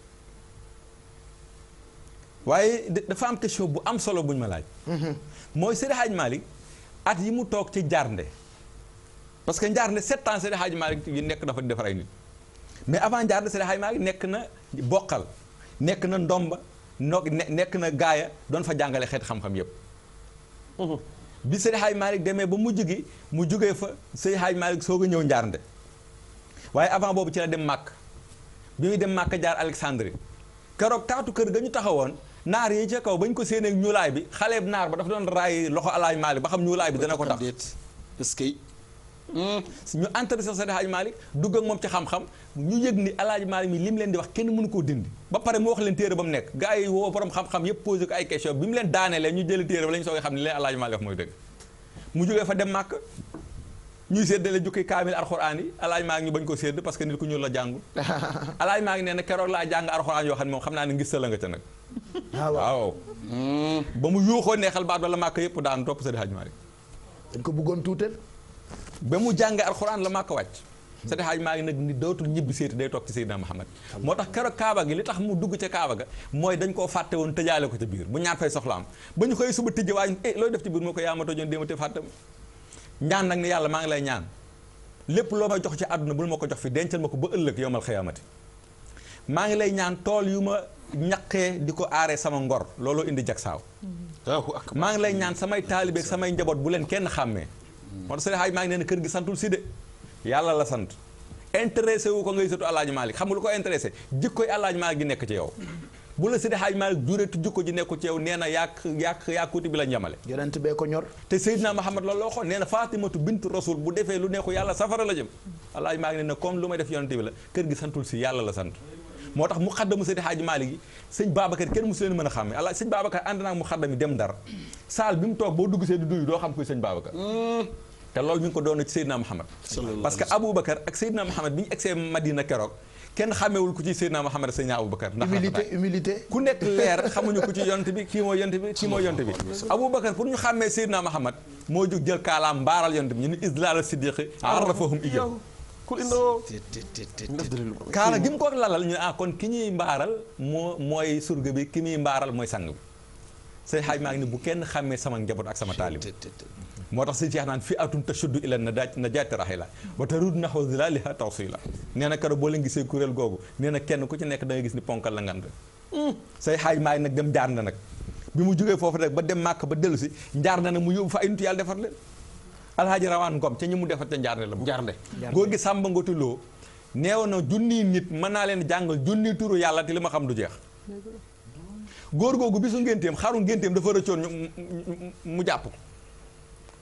waaye dafa am question bu am solo buñ ma laaj. Mm-hmm. mooy Seydi Hadj Malik at yi mu toog ci jarnde parce que Ndiarndé sept ans Seydi Hadji Malick yi nekk dafa di defar ay nit mais avant Ndiarndé Seydi Hadji Malick nekk na boqal nekk na ndomba no nekk na gaaya doon fa jàngale xeet xam-xam yépp mhm. bi Seydi Hadji Malick demee ba mujj gi mu jugee fa Seydi Hadji Malick soog a ñëw Ndiarndé waaye avant boobu ci la dem màkk bi muy dem màkk jaar Alexandrie keroog taatu kër ga ñu taxawoon naar yi ca kaw bañ ko séenee ñuulaay bi xaleeb naar ba dafa doon raay loxo alaaj Malick ba xam ñuulaay bi dana ko tax Hmm. ñu entretien Seydi Hadji Malick dugg ak moom ci xam-xam ñu yëg ni Alaaji Malick mi li mu leen di wax kenn mënu koo dindi ba pare mu wax leen téere ba mu nekk gars yi woo borom xam-xam yëpp posé ko ay leen daanelee ñu jëli téere ba la ñu soogee xam ne leen Alaaji Malick wax mooy dëgg mu jógee fa dem màkk ñuy séddale jukki kaamil bañ ko sédd parce que nit ku ñuul la jàngul Alaaji [LAUGHS] Malick nee na keroog laa jàng alxuraan yoo xam ne moom xam naa ne ngis la nga ca ah, hmm. ba mu yuuxoo neexal baat ba la màkk yëpp daan topp Seydi Hadji Malick dañ ko bëggoon tuutal ba mu jàngee alxuraan la Màkka wàcc Seydi maa Maalik nag ni dootul ñibbi seeti day toog ci Seydina Muhammad moo tax keroog Kaaba gi li tax mu dugg ca Kaaba ga mooy dañ koo fàtte woon tëjaale ko ca biir bu ñaan fay soxlaam ba ñu xëy suba tijji waaye eh looy def ci ko yaa ma tojoon fàtte ñaan nag yàlla maa ngi lay ñaan lépp loo may jox ci àdduna bul ma ko jox fi dencal ma ko ba ëllëg yowmal xiyaamati maa ngi lay ñaan tool yu ma ñaqee di ko aaree sama ngor looloo indi jagsaaw maa ngi lay ñaan samay taalibeeg samay njaboot bu leen kenn xàmmee moo tax Serigne Xaaj maa ngi nee na kër gi santul si de yàlla la sant intéressé wu ko ngay sëtu Alaaji Maalik xam nga lu ko intéressé jikkoy Alaaji Maalik gi nekk bu la Seydi Hajj Maalik jureetu jukko nee na yàq yàq yàquuti bi la njamale yonent bee ko ñor te Seydina Muhammad loolu la waxoon nee na Faatimatu bintu Rasul bu defee lu nekku safara la jëm Alaaji Maalik ne comme lu may def yonent bi gi santul si la sant moo tax mu xaddamu Seydi Hajj Maalik yi sëñ Babacar kenn mosu leen mën a xàmme ala sëñ Babacar ànd naa mu xaddam dem Ndar saal bi mu toog boo dugg see du duy doo xam kuy sëñ Babacar mm. te loolu mi ngi ko doon ci Seydina Muhammad parce que Aboubacar ak Seydina Muhammad bi ñu egsee Madina keroog kenn xamewul ku ci Seydina Muhammad Seydina Aboubacar ndax humilité humilité ku nekk leer xamuñu ku ci yonent bi kii mooy yonent pour ñu xàmmee Seydina Muhammad moo jóg jël kaalaam mbaaral yonent bi ñu ni islal siddiqi arrafahum ijaw kul indoo kaala gi mu ko lalal ñu ne ah kon ki ñuy mbaaral moo mooy surga bi ki muy mbaaral mooy sang bi say xaaj maa ngi ni bu kenn xàmmee sama njaboot ak sama taalib moo tax sëñ jeex naan fi atum tashuddu ila na daaj na jaati raxila wa tarud naxwa zilaliha tawsila la na karo boo leen gisee kuréel googu nee na kenn ku ci nekk da nga gis ni ponkal la ngand mm. say xaay maay nag dem jaar na nag bi mu jógee foofu rek ba dem màkk ba dellu si njaar na nag mu yóbbu fa ay nit yàlla defar leen alhaaji rawaan ngom ca ñi mu defar ca njaarne la njaarne góor gi sàmba ngoti loo neew na junniy nit mën naa leen jàngal junniy turu yàlla te li ma xam du jeex góor googu bisu ngénteem xaru ngénteem dafa rëccoon mu jàpp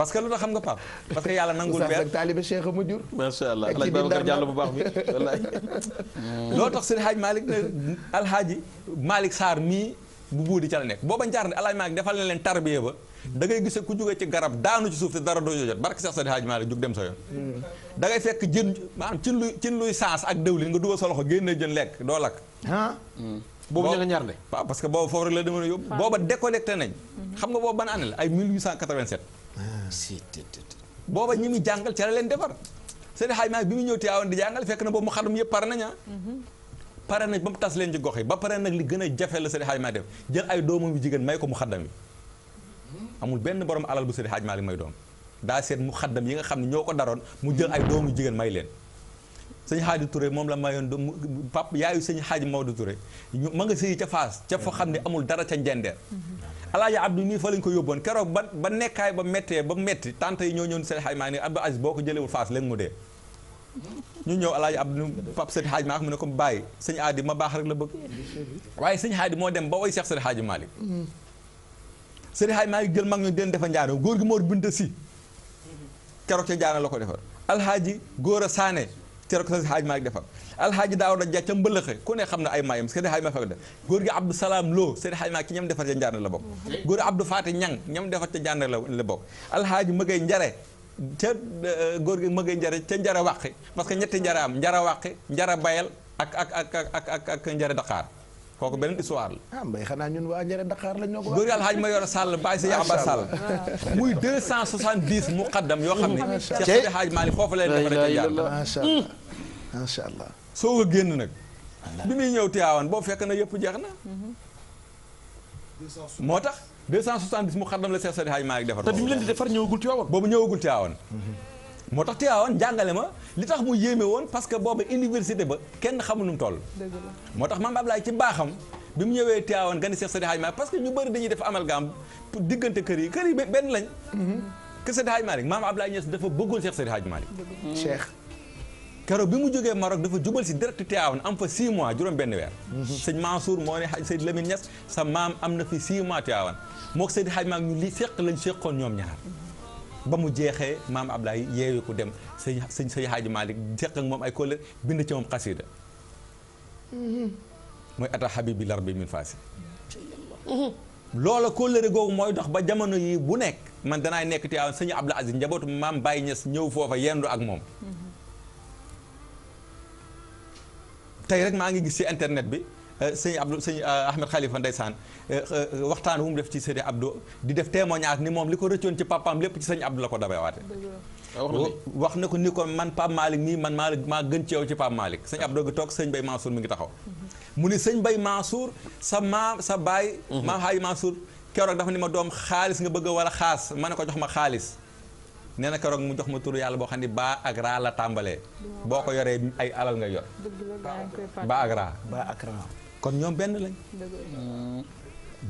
parce que lu tax xam nga Pape parce que yàlla nangul weer taalibe Cheikh allah alaaji Babacar Diallo bu baax bi wallaay [LAUGHS] loolu tax sëriñ Haaj Malick ne alhaaji Malick Sarr mii bu buudi ca la nekk booba njaar ne alaaji defal na leen tarbiya ba da ngay gise ku jógee ci garab daanu ci suuf te dara doo jot barke sax sëriñ Haaj Malick dem sa yoon hmm. da ngay fekk jën maanaam cin luy cin luy saas ak dëwlin nga dugal sa loxo génne jën lekk doo lakk hmm. boobu ña nga ñaar de waaw parce que boobu foofu rek la demoon yóbbu booba déconnecté nañ hmm. xam nga boobu ban année la ay Ah, si booba ñi muy jàngal ca la leen defar seen xaaj maa bi mu ñëw te Tiwaawan di jàngal fekk na boobu mu xadum yëpp pare nañ ah. Mm-hmm. pare nañ ba mu tas leen ci gox yi ba pare nag li gën a jafe la seen xaaj maa def jël ay doomam jigéen may ko mu xaddam yi amul benn borom alal bu seen xaaj maa li may doom daa seet mu xaddam yi nga xam ne ñoo ko daroon mu jël ay doomu jigéen may leen. sëñ xaaji Touré moom la mayoon doom pap yaayu sëñ xaaji Maodo Touré ma nga sëyi ca Faas ca fa mm-hmm. xam ne amul dara ca njendeer mm-hmm. alaaji abdou nii fa lañ ko yóbboon keroog ba ba nekkaay ba méttee ba metti tante yi ñoo ñëw seen xaj maa ni abdou aziz boo ko jëlewul faas léegi mu dee ñu ñëw alaaji abdou pap seen xaaj maak mu ne ko bàyyi sëñ aadi ma baax rek la bëgg waaye sëñ xaadi moo dem ba woy seex seen xaaji maalik seen xaaj maalik jël mag ñu den defa njaano góor gi moor binta si keroog ca njaano la ko defar alhaaji góor a saane keroog seen xaaj maalik defal alhaaji daawda dia ca mbëlëxe ku ne xam na ay maayam sëriñ xayma fekk de góor gi abdou salaam loo sëriñ xayma ki ñam defar ca njaarne la bokk góor gi abdou faati ñang ñam defar ca njaarne la la bokk alhaaji mëgay njare ca euh, góor gi mëgay njare ca njara wàqi parce que ñetti njara am njara wàqi njara bayal ak ak ak ak ak ak njara daqaar kooku beneen histoire la. ah mbay xanaa ñun waa Njare Dakar la ñoo ko. góor yi alxaaj ma yor Sall bàyyi si Yaba Sall. muy 270 muqaddam yoo xam ne. macha allah Cheikh Alxaaj Maalik foofu leen defaree. macha allah macha allah. soog a génn nag. bi muy ñëw Tiwaawan boo fekk na yëpp jeex na. moo tax 270 mu xaddam la Seex Seydi Hajji Maalik defar. te bi mu leen di defar ñëwagul Tiwaawan. boobu ñëwagul Tiwaawan. Mm-hmm. moo tax Tiwaawan jàngale ma li tax mu yéeme woon parce que boobu université ba kenn xamu nu toll. moo tax Maam Ablaye ci baaxam. bi mu ñëwee Tiwaawan gani Seex Seydi Hajji Maalik parce que ñu bëri dañuy def amalgame diggante kër yi kër yi benn lañ. Mm-hmm. kër Seydi Hajji Maalik Maam Ablaye Niass dafa bëggoon Seex Seydi Hajji Maalik. Cheikh. keroog bi mu jógee Maroc dafa jubal si direct Tivaouane am fa 6 mois juróom benn weer mhm. sëñ Mansour moo ne Seydi Lamine Niass sa maam am na fi 6 mois Tivaouane moo ko Seydi Hadj Maam seq lañ seqoon ñoom ñaar ba mu jeexee maam Ablaye yeewu ko dem sëñ sëñ sëñ Hadj Malick seq ak moom ay kóllëre bind ci moom xasida mhm. mooy ata habibi larbi min faasi mhm. loola kóllëre googu mooy dox ba jamono yi bu nekk man danaay nekk Tivaouane sëñ Abdou Aziz njabootu maam Baye Niass ñëw foofa yendu ak moom tey rek maa ngi gis ci internet bi euh, sëñ Abdou sëñ euh, Ahmed Khalifa ndeysaan euh, waxtaan wu mu def ci sëñ Abdou di def témoignage ni moom li ko rëccoon ci papaam lépp ci sëñ Abdou la ko dabeewaate ah, wax na ko ni ko man Pape Malick nii man maa maa gën ci yow ci Pape Malick sëñ Abdou gi toog sëñ Bay Mansour mi ngi taxaw mm-hmm. mu ni sëñ Bay Mansour sa maam sa baay mm-hmm. maam Haaji Mansour keroog dafa ni ma doom xaalis nga bëgg wala xaas ma ne ko jox ma xaalis nee na keroog mu jox ma tur yàlla boo xam ne baa ak raa la tàmbalee boo ko yoree ay alal nga yor baa ak raa kon ñoom benn lañ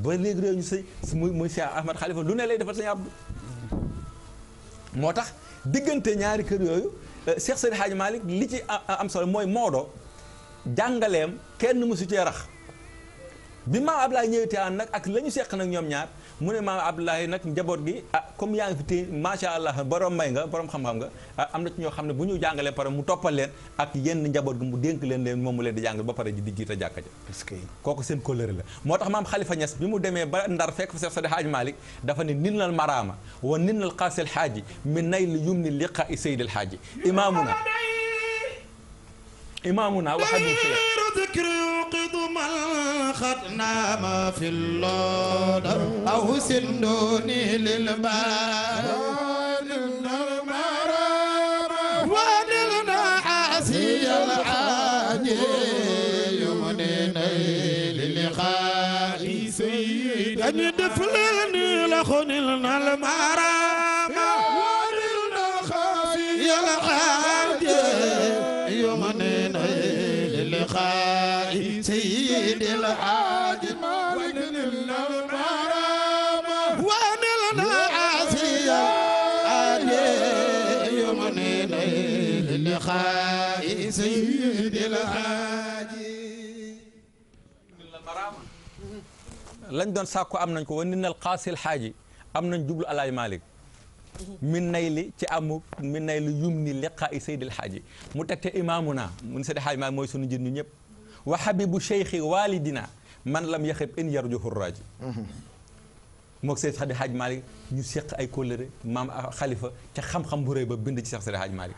ba léegi réew ñu sëy muy muy Cheikh Ahmad Khalifa lu ne lay defal Serigne Abdou moo tax diggante ñaari kër yooyu eh, Cheikh Seydi Hadji Malick li ci am solo mooy Maodo jàngaleem kenn mësu cee rax bi maam Ablaye ñëwee Tiwaawan nag ak lañu ñu seq nag ñoom ñaar mu ne maam Abdoulaye nag njaboot gi a ah, comme yaa ngi fi téye macha allah borom may nga borom xam-xam nga ah am na ci ñoo xam ne bu ñu jàngalee pare mu toppal leen ak yenn njaboot gi mu dénk leen leen moom leen di jàngal ba pare di jiite jàkka ja parce que kooku seen kóllëre moo tax maam Khalifa Niass bi mu demee ba Ndar fekk fa Seex Seydi Haaji Malick dafa ne nin nal maraama wa nin nal xaasil xaaji min nay li yum ni liqa i seydil xaaji imaamuna إمامنا وحبيب شيخ ذكر يوقظ من قد نام في اللون أو سندوني للبان المرام وللنا حاسي الحاج يمنيني للقاء سيدنا دفلني لخنلنا المرام وللنا خاسي الحاج السماء سيد الحاج مالك المرام وانلنا عاسيا علي يمني للقاء سيد الحاج lañ doon sàkku am nañ ko wa ninal qaasi alxaaji am nañ jublu alaay Malik min li ci amu min nayli yum ni liqaa i saydil mu teg te imaamu naa mun saydil xaaji maa mooy sunu njër ñu ñëpp wa habibu cheikhi walidina man lam yaxib in yarjuhu raji mook Seydi Xadi Xaaj Malik ñu seq ay kóllëre maam xalifa ca xam-xam bu rëy ba bind ci Seex Seydi Xaaj Malik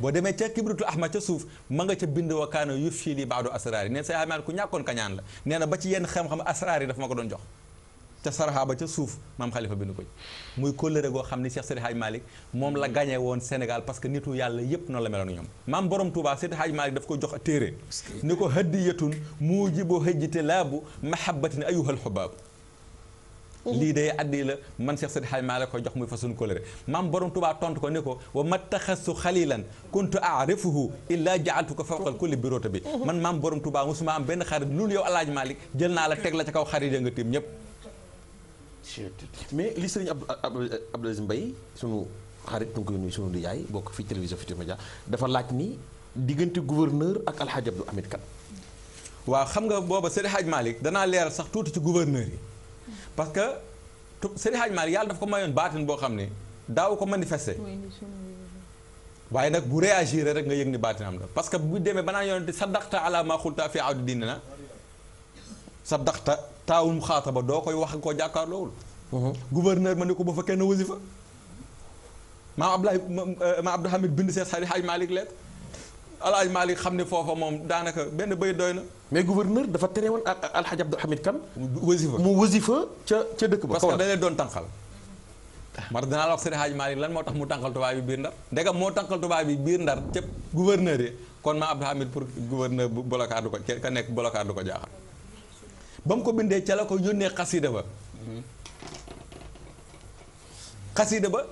boo demee ca Kibritu Ahmad ca suuf ma nga ca bind wa kaana yuf fii li baadu asraar yi neen Seydi Xaaj Malik ku ñàkkoon kañaan la nee na ba ci yenn xam-xam asraar yi ma ko doon jox ca ba ca suuf maam xalifa bi nu ko muy kóllëre xam ni Cheikh Seydi Hadj Malick moom la mm-hmm. gagné woon Sénégal parce que nitu yàlla yépp noonu la meloon ñoom maam borom Touba Seydi Hadj Malick daf ko jox téere ni ko hadiyatun mujibu hajjite laabu mahabbatin ayuhal xubaabu mm-hmm. lii day addi la man Cheikh Seydi Hadj Malick jox muy fasun kóllëre maam borom Touba tontu ko ni ko wa mattaxastu xalilan kuntu arifuhu illaa tu ko fawqal kulli biroota bi mm-hmm. man maam borom la teg kaw xarit ñëpp mais li sëriñ Abdou Abdou Aziz Mbaye sunu xarit nu ngi koy nuyu sunu nijaay bokk fii télévision Futurs Médias dafa laaj ni diggante gouverneur ak alxaaj Abdou Hamid Kane waaw xam nga booba Seydi Hadj Malick danaa leeral sax tuuti ci gouverneur yi parce que Seydi Hadj Malick yàlla dafa ko mayoon baatin boo xam ne daaw ko manifester waaye nag bu réagir rek nga yëg ni baatin am na parce que bu demee ba naan yonente saddaqta ala ma xulta fi awdi diine na saddaqta taawum xaataba doo koy wax koo jàkkaarloowul mhm. gouverneur ma ne ko ba fa kenn wasifa maam Abdoulaye euh, maam Abdou Hamid bind seet xarit Haj Malick leet Alhaaj Malick xam ne foofa moom daanaka benn béy doy na. mais gouverneur dafa tere woon ak Alhaaj Abdou Hamid Kan. wasifa mu wasifa ca ca dëkk ba. parce que da leen doon tànqal. mar dinaa la wax Sëriñ Haj Malick lan moo tax mu tànqal tubaab bi biir ndar. ndegam moo tànqal tubaab bi biir ndar ca gouverneur yi kon maam Abdou Hamid pour gouverneur bu bolokaat du ko ka nekk bolokaat du ko jaaxal. ba mu ko bindee ca la ko yónnee xasida ba xasida ba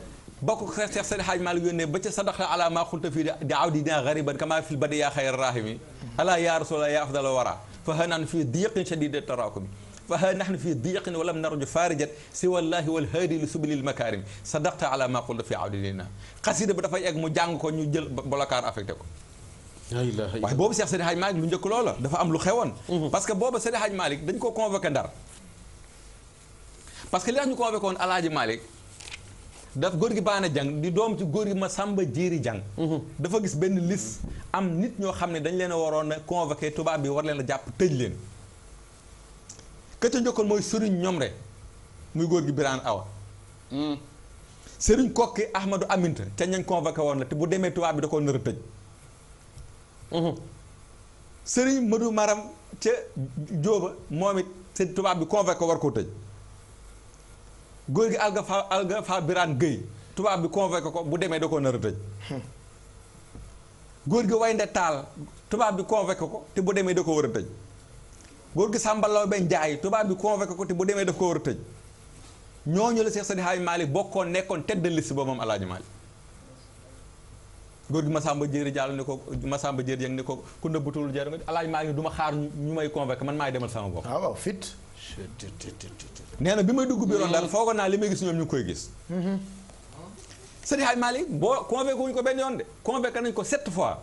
ba ko Seex Seydi Xaaj Maalik yónnee ba ca sadaqa ala maa xulta fii di aw di dinaa gariban kama fil badi yaa xayra rahimi ala yaa rasulallah yaa afdala wara fa ha naan fii diiqin shadida taraakumi fa ha nahnu fii diiqin walam narju faarijat si wallahi wal haadi li subulil makarim sadaqta ala maa ba dafay egg mu jàng ko ñu jël bolokaan affecté ko waaye boobu Cheikh Seydi Hadj Malick lu njëkk loola dafa am lu xewoon mhm. parce que booba Seydi Hadj Malick dañ ko convoqué Ndar parce que li ñu convoqué woon Alaaji Malick daf góor gi baana jàng di doom ci góor gi ma sàmba jiiri jàng mhm. dafa gis benn liste am nit ñoo xam ne dañ leen a waroon a convoqué tubaab bi war leen a jàpp tëj leen ka ca njëkkoon mooy sëriñ ñoom rek muy góor gi biraan awa mhm. sëriñ kokki ahmadou aminta ca ñañ convoqué woon la te bu demee tubaab bi da ko nar a tëj sëriñ mënu Maram ca Jóoba moom it sëñ tubaab bi convoqué ko war koo tëj góor gi Algafa Algafa Birane Gueye tubaab bi convoqué ko bu demee da koo nar a tëj góor gi Waynde Taal tubaab bi convoqué ko te bu demee da ko war a tëj góor gi Samba Lawbe Njaay tubaab bi convoqué ko te bu demee daf ko war a tëj ñooñu la Seex Seydi Haaji Maalik bokkoon nekkoon te de si boobam moom Alaaji góor gi Massamba Diéry Diallo ni ko ma Diéry Dieng ni ko ku nëbbutul jar nga alaaj maa ngi du ma xaar ñu may convaincre man maay demal sama bopp. Ah, waaw fit. nee na bi may dugg bureau daal foogoon naa li may gis ñoom ñu ngi koy gis. Mm-hmm. Seydi Hadji boo convaincre wuñu ko benn yoon de convaincre nañu ko sept fois.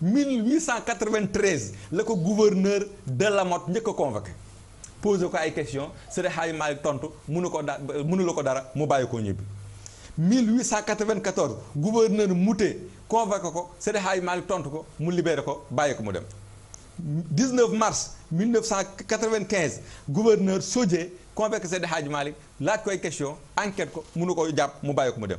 1893 la ko gouverneur de Lamotte njëkk a convoqué posé ko ay question Seydi Hadji tontu mënu ko da ko dara mu bàyyi ko ñibbi. 1894 gouverneur Moutet convoqué ko Seydi Hadji Malick tontu ko mu libéré ko bàyyi ko mu dem 19 mars 1995 gouverneur Sodié convoqué Seydi Hadji Malick laaj koy question enquête ko mënu ko jàpp mu bàyyi ko mu dem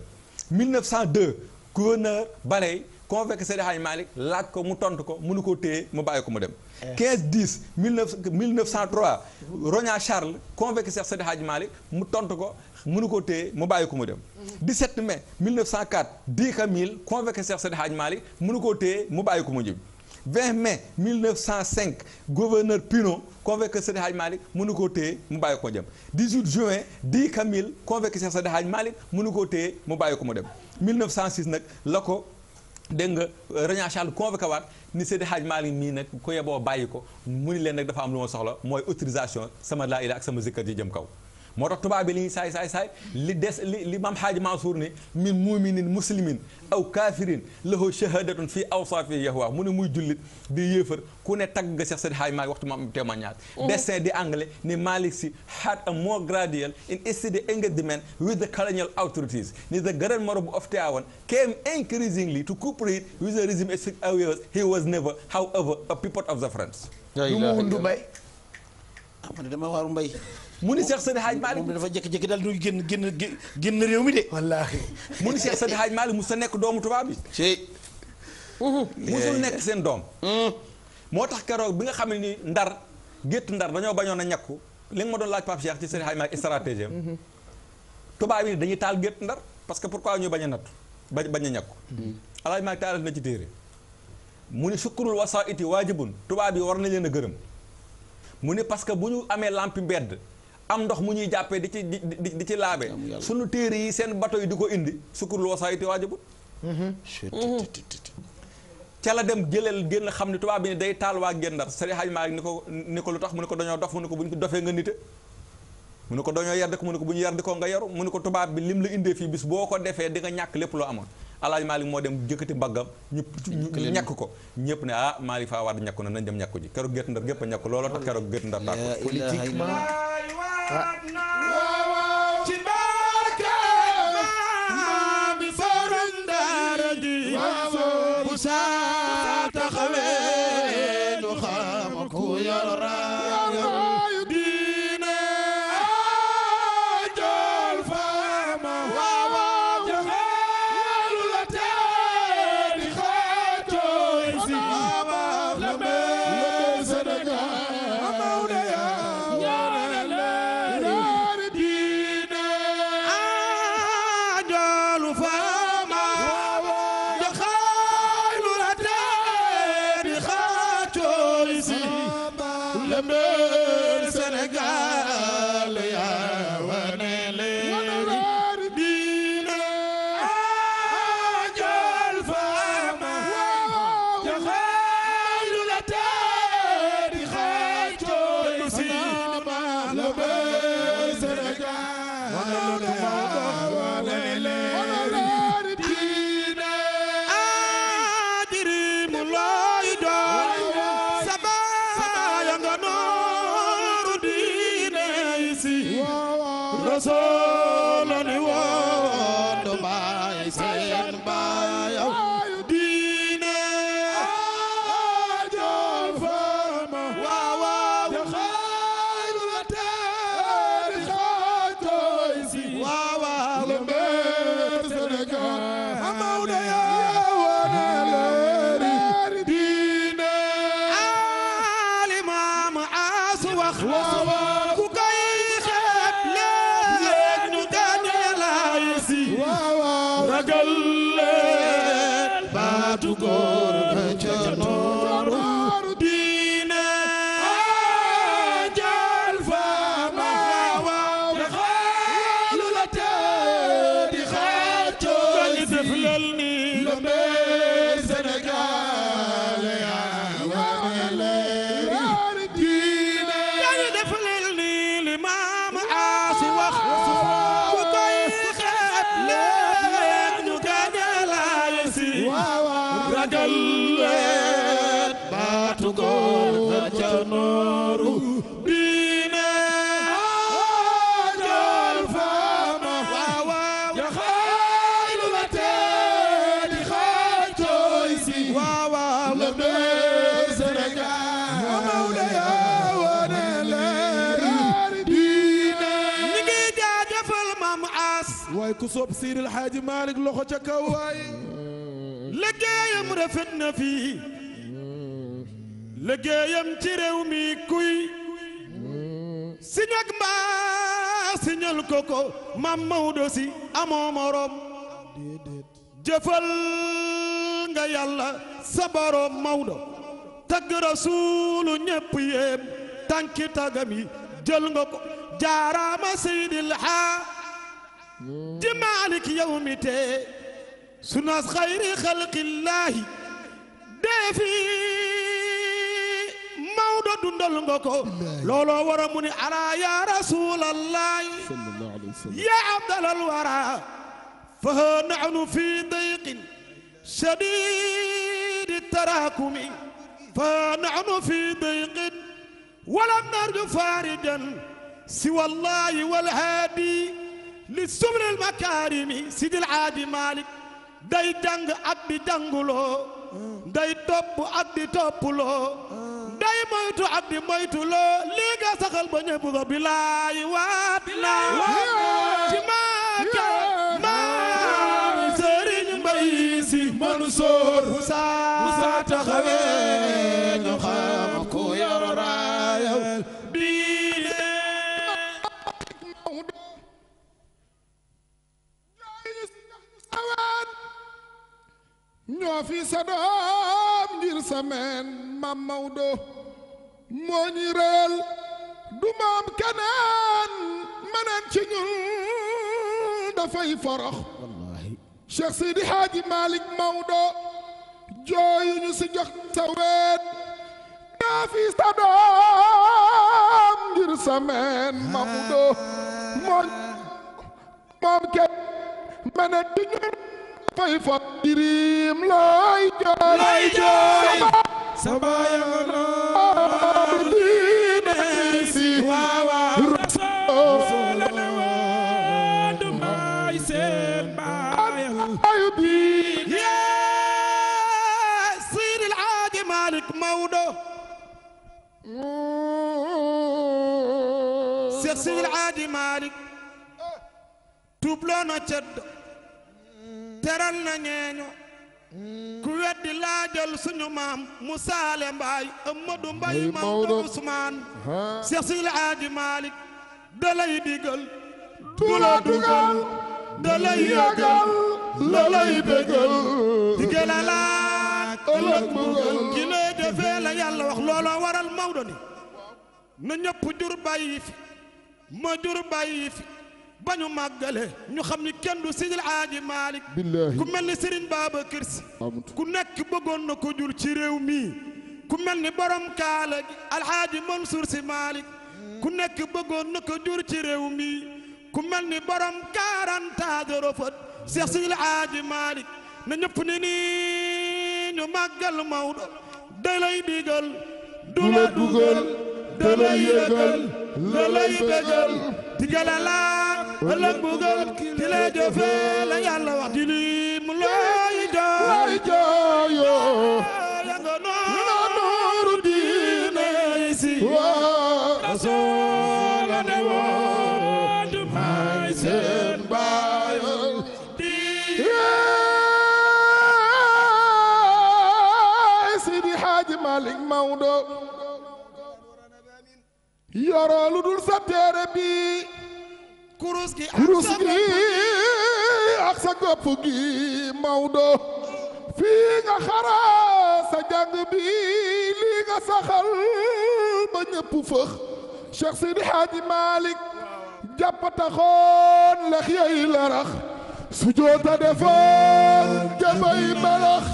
1902 gouverneur Baley convoqué Seydi Hadji Malick laaj ko mu tontu ko mënu ko téye mu bàyyi ko mu dem 15 10 19 1903 Rogna Charles convoqué Seydi Hadji Malick mu tontu ko mënu koo téye mu bàyyi ko mu dem 17 mai 1904 dix Camille convoqué Cheikh Seydi Hadj Malick mënu koo téye mu bàyyi ko mu jëm 20 mai 1905 gouverneur Pinot convoqué Seydi Hadj Malick mënu koo téye mu bàyyi ko mu dem 18 juin dix Camille convoqué Cheikh Seydi Hadj Malick mënu koo téye mu bàyyi ko mu dem 1906 nag la ko dégg nga euh, René Charles convoqué waat ni Seydi Hadj Malick mii nag ku yeboo bàyyi ko mu ni leen nag dafa am lu ma soxla mooy autorisation sama laa ila ak sama zikkar ji jëm kaw moo tax tubaab bi li ñuy saay saay saay li des li li maam xaaji Mansour ne min muminin muslimin aw kaafirin lahu shahadatun fii awsaafi yahwa mu ne muy jullit di yéefar ku ne tagg nga Seex Seydi Haaji Maalik waxtu maam témoignage mm-hmm. destin di anglais ne Malik Sy had a more gradual and steady engagement with the colonial authorities ne the grand Morobo of Tivaouane came increasingly to cooperate with the regime as he was never however a puppet of the French lu mu wundu mbay ah man mbay mu ni Seex Seydi Hajji Maalik dafa jékki-jékki daal génn génn génn réew mi de wallaahi mu ni Seex Seydi Hajji Maalik mu sa nekk doomu tubaab bi musul eh. nekk seen doom moo tax keroog bi nga xam ne ni ndar gétt ndar dañoo bañoon a ñakku li nga ma doon laaj Pape Cheikh ci Seydi Hajji Maalik stratégie am tubaab yi dañuy taal gétt ndar parce que pourquoi ñu bañ a nattu ba bañ a ñakku Alaaji Maalik taalal na ci téere mu ni sukkurul wasaa iti waajibun tubaab yi war na leen a gërëm mu ni parce que bu ñu amee lampi mbedd am ndox mu ñuy jàppee di ci di di ci laabe sunu téere yi seen bato yi di ko indi sukkur lu wasaayu te waajabut mhm. mhm. ca la dem jëleel génn xam ni tubaab bi ne day taal waa gendar sëriñ Xaaj Maalik ni ko ni ko lu tax mu ne ko dañoo dof mu ne ko bu ñu dofee nga nite mu ne ko dañoo yard ko mu ne ko bu ñu yard ko nga yaru mu ne ko tubaab bi lim la indee fii bis boo ko defee di nga ñàkk lépp loo amoon Alaaji Malick moo dem jëkkati mbaggam ñu ñekk ko ñëpp ne ah Malick Faa Wade ñàkk na nañ dem ñàkku ji keroog gét ndar gépp a looloo tax keroog gét ndar daa ko yaatu ko Seydil Hadji Malick loxo ca na fii liggéeyam ci réew mi kuy siñ ak mbaa siñal ko ko maam Maodo si amoo morom jëfal nga yàlla sa borom Maodo tagg rasuulu ñépp yéem tànki tagam yi jël nga ko jaaraama Seydil Hadji di maalik yawmi tee sunas xayri xalqillaahi deefi mawdo dundal nga ko looloo wara mu ni alaa yaa rasuulallaahi yaa abdalal waraa fa haa naxnu fi dayqin shadiidi taraakumi fa haa naxnu fi dayqin walam narju faarijan siwallaahi walhaadi li subrel makarimi sidil aadi malik day jàng ak di jànguloo day topp ak di toppuloo day moytu ak di moytuloo lii nga saxal ba ñëpp ko bilaay waat naa ci maaka maam sëriñ mbay si Mansoor saa taxawee ñoo fi sa doom ngir sa meen maam Maodo moo ñi du maam keneen meneen ci ñun dafay forox wallaahi Cheikh Seydi Hadji Malick Maodo jooyu ñu si jox sa weet ñoo fi sa doom ngir sa meen Maodo moom kenn meneen ci ñun dafay forox diri lay jooy lay jooy sa baay nga noon di dee si waawaaw rasool la woon du mooy seen baay ayu bi yaa Seydi El Hadji Malick Maodo Seydi El Hadji Malick tubloona cedd teral na ñeeño ku weddi laajal suñu maam musaale mbaay Amadou Mbay Maodo Ousmane Seex Sil Maalik da lay tula dugal da lay yëgal la lay ëllëg mbugal ki lay yàlla wax looloo waral Maodo na ñëpp jur bàyyi fi ma jur bàyyi fi ba ñu màggale ñu xam ni kenn du Sidil Aaji Malick ku mel ni Serigne Babacar Sy ku nekk bëggoon na ko jur ci réew mii ku mel ni borom kaala gi Alhaaji Mansour Sy Malick ku nekk bëggoon na ko jur ci réew mii ku mel ni borom quarante rofat Cheikh Sidil Aaji Malick na ñëpp ni nii ñu màggal Maodo da lay digal du la dugal da lay ti jalalaat ëllëg mbugal ti lay jëfee la yàlla wax di lii mu looy jooy yoroo lu dul sa téere bi kurus gi ak sa gopp gi Maodo fii nga xaraa sa jàng bi lii nga saxal ba ñëpp fëx Cheikh Sidi Hadji Malick jàppataxoon lex yey larax su joota defoon jabay melax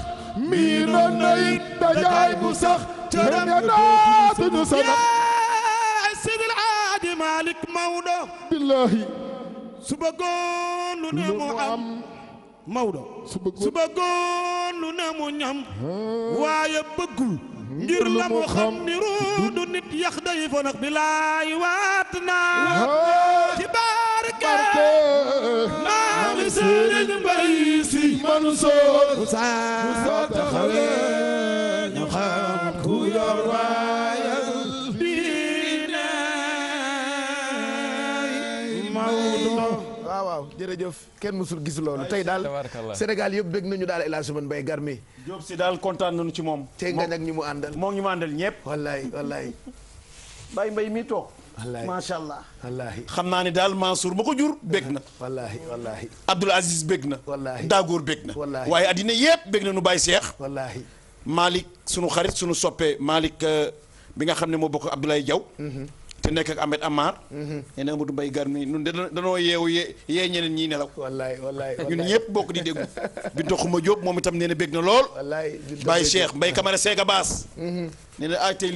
mii noon na dajaay bu sax te nga daa suñu sanax rek Maodo. billaahi. su bëggoon lu ne mu waaye bëggul. Hmm. ngir la mu xam ni nit yax day fa nag bilaay waat naa. ci barke maa ngi sëriñ mbay si. man soo. bu saa taxawee. waaw jërëjëf kenn mosul gis loolu tey daal Sénégal yëpp bég nañu daal El Hadj Ousmane Mbaye Garmi si daal kontaan nañu ci moom te ngañ ak ñi mu àndal moom ñi mu àndal ñëpp wallaay wallaay Baye mbay mi toog macha allah wallaay xam naa ne daal Mansour ma ko jur bég na wallaay wallaay Abdoul Aziz bég na wallaay Daagoor bég na wallaay waaye addina yëpp bég na nu Baye seex wallaay Malick sunu xarit sunu soppe Malick euh, bi nga xam ne moo bokk Abdoulaye Diaw mhm. te nekk ak Ahmed Amar. Mhm. nee na Amadou Mbaye Gar mi ñun danoo yeewu yee yee ñeneen ñii nelaw. wallaay wallaay ñun ñëpp bokk di déglu. Binta Xuma Diop moom itam nee na bég na lool. wallaay Baye Cheikh Mbaye Camara Sega mhm.